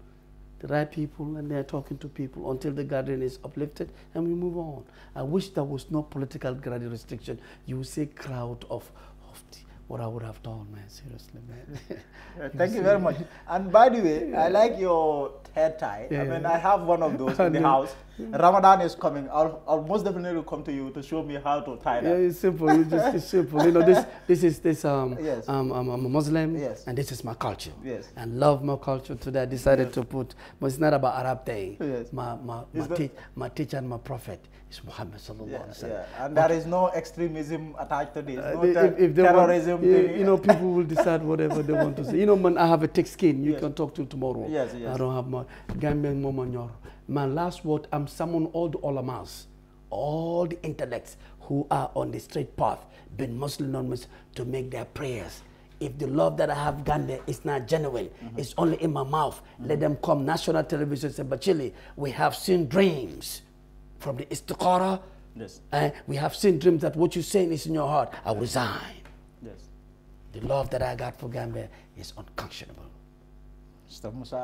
the right people, and they're talking to people until the gathering is uplifted and we move on. I wish there was no political gathering restriction. You say crowd of, of the, what I would have done, man, seriously, man. yeah, thank you, you very much. And by the way, yeah. I like your hair tie. Yeah. I mean, I have one of those in the house. Mm. Ramadan is coming. I'll, I'll most definitely come to you to show me how to tie that. Yeah, it's simple. It's, just, it's simple. You know, this this is this um, yes. um I'm, um, I'm a Muslim. Yes. And this is my culture. Yes. And love my culture. Today I decided yes. to put. But it's not about Arab Day. Yes. My my my, te my, teacher and my prophet is Muhammad sallallahu yeah, alaihi wasallam. Yeah. And there is no extremism attached to this. Uh, no if, if they terrorism. Want, you, you know, people will decide whatever they want to say. You know, man, I have a thick skin. You yes. can talk to tomorrow. Yes. Yes. I don't have my Gambian mom your. My last word, I'm summoning all the ulamas, all the intellects who are on the straight path, been Muslim, non-Muslim, to make their prayers. If the love that I have done there is not genuine, mm -hmm. it's only in my mouth, mm -hmm. let mm-hmm. them come. National television say, but Chile, we have seen dreams from the istiqara. Yes. And eh, we have seen dreams that what you're saying is in your heart. I resign. Yes. The love that I got for Gambia is unconscionable.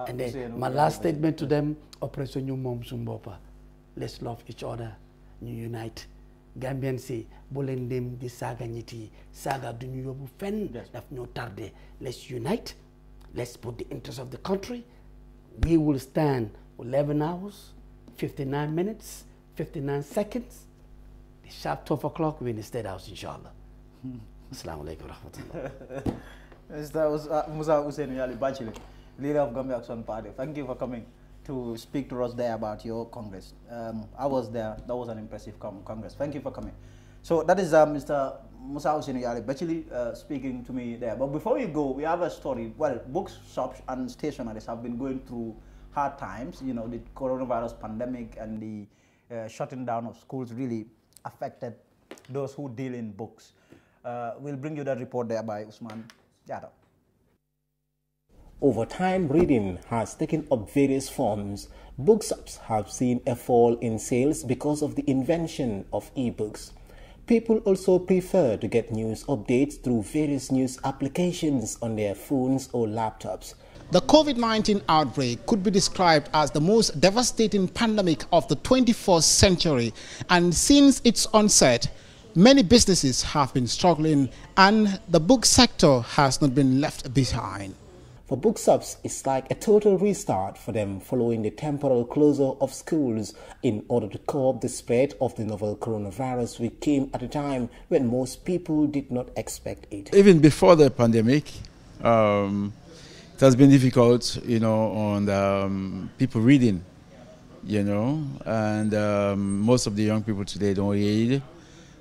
And then my last statement to them, Operation New Mom Sumbopa. Let's love each other, New Unite. Gambian say, Bolen dem di saga nyiti, saga du ñu yobu fen, daf tarde tardé. Let's unite. Let's put the interest of the country. We will stand 11 hours, 59 minutes, 59 seconds. The sharp 12 o'clock, we're in the State House, inshallah. Hmm. Assalamu alaikum warahmatullah. That was uh, Musa Hussein Yali Bachile leader of Gambia Action Party. Thank you for coming to speak to us there about your Congress. Um, I was there. That was an impressive Congress. Thank you for coming. So that is uh, Mr. Musa Usiniyali Bechili uh, speaking to me there. But before you go, we have a story. Well, bookshops and stationaries have been going through hard times. You know, the coronavirus pandemic and the uh, shutting down of schools really affected those who deal in books. Uh, we'll bring you that report there by Usman Jadab. Over time, reading has taken up various forms. Bookshops have seen a fall in sales because of the invention of e-books. People also prefer to get news updates through various news applications on their phones or laptops. The COVID-19 outbreak could be described as the most devastating pandemic of the 21st century and since its onset, many businesses have been struggling and the book sector has not been left behind. For bookshops, it's like a total restart for them following the temporal closure of schools in order to curb the spread of the novel coronavirus which came at a time when most people did not expect it. Even before the pandemic, um, it has been difficult, you know, on um, people reading, you know, and um, most of the young people today don't read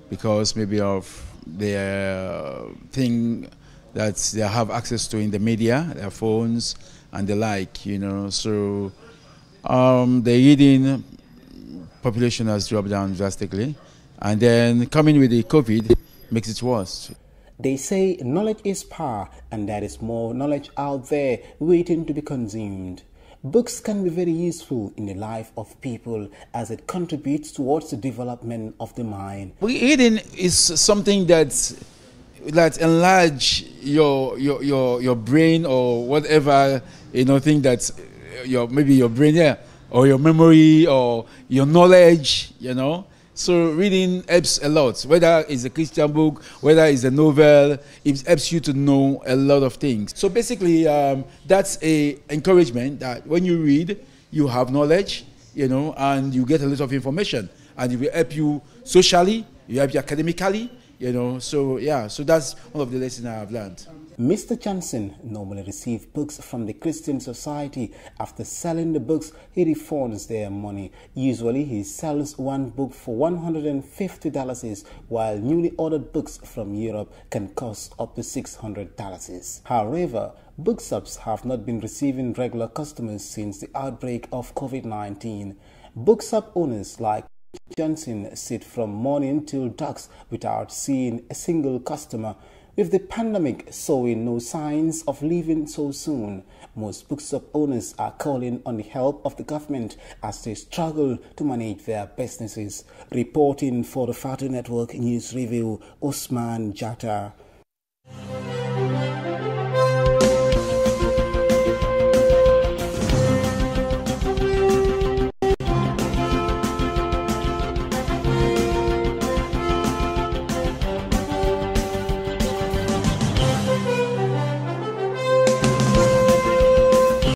because maybe of their uh, thing that they have access to in the media, their phones and the like, you know. So um, the Yidin population has dropped down drastically. And then coming with the COVID makes it worse. They say knowledge is power and there is more knowledge out there waiting to be consumed. Books can be very useful in the life of people as it contributes towards the development of the mind. Reading is something that like enlarge your your your, your brain or whatever you know thing that's uh, your maybe your brain yeah or your memory or your knowledge you know so reading helps a lot whether it's a christian book whether it's a novel it helps you to know a lot of things so basically um, that's a encouragement that when you read you have knowledge you know and you get a lot of information and it will help you socially you help you academically you know so yeah so that's one of the lessons i've learned mr johnson normally receives books from the christian society after selling the books he refunds their money usually he sells one book for 150 dollars while newly ordered books from europe can cost up to 600 dollars however bookshops have not been receiving regular customers since the outbreak of covid-19 bookshop owners like Johnson sit from morning till dark without seeing a single customer. With the pandemic showing no signs of leaving so soon, most bookshop owners are calling on the help of the government as they struggle to manage their businesses. Reporting for the Fatu Network News Review, Osman Jatta.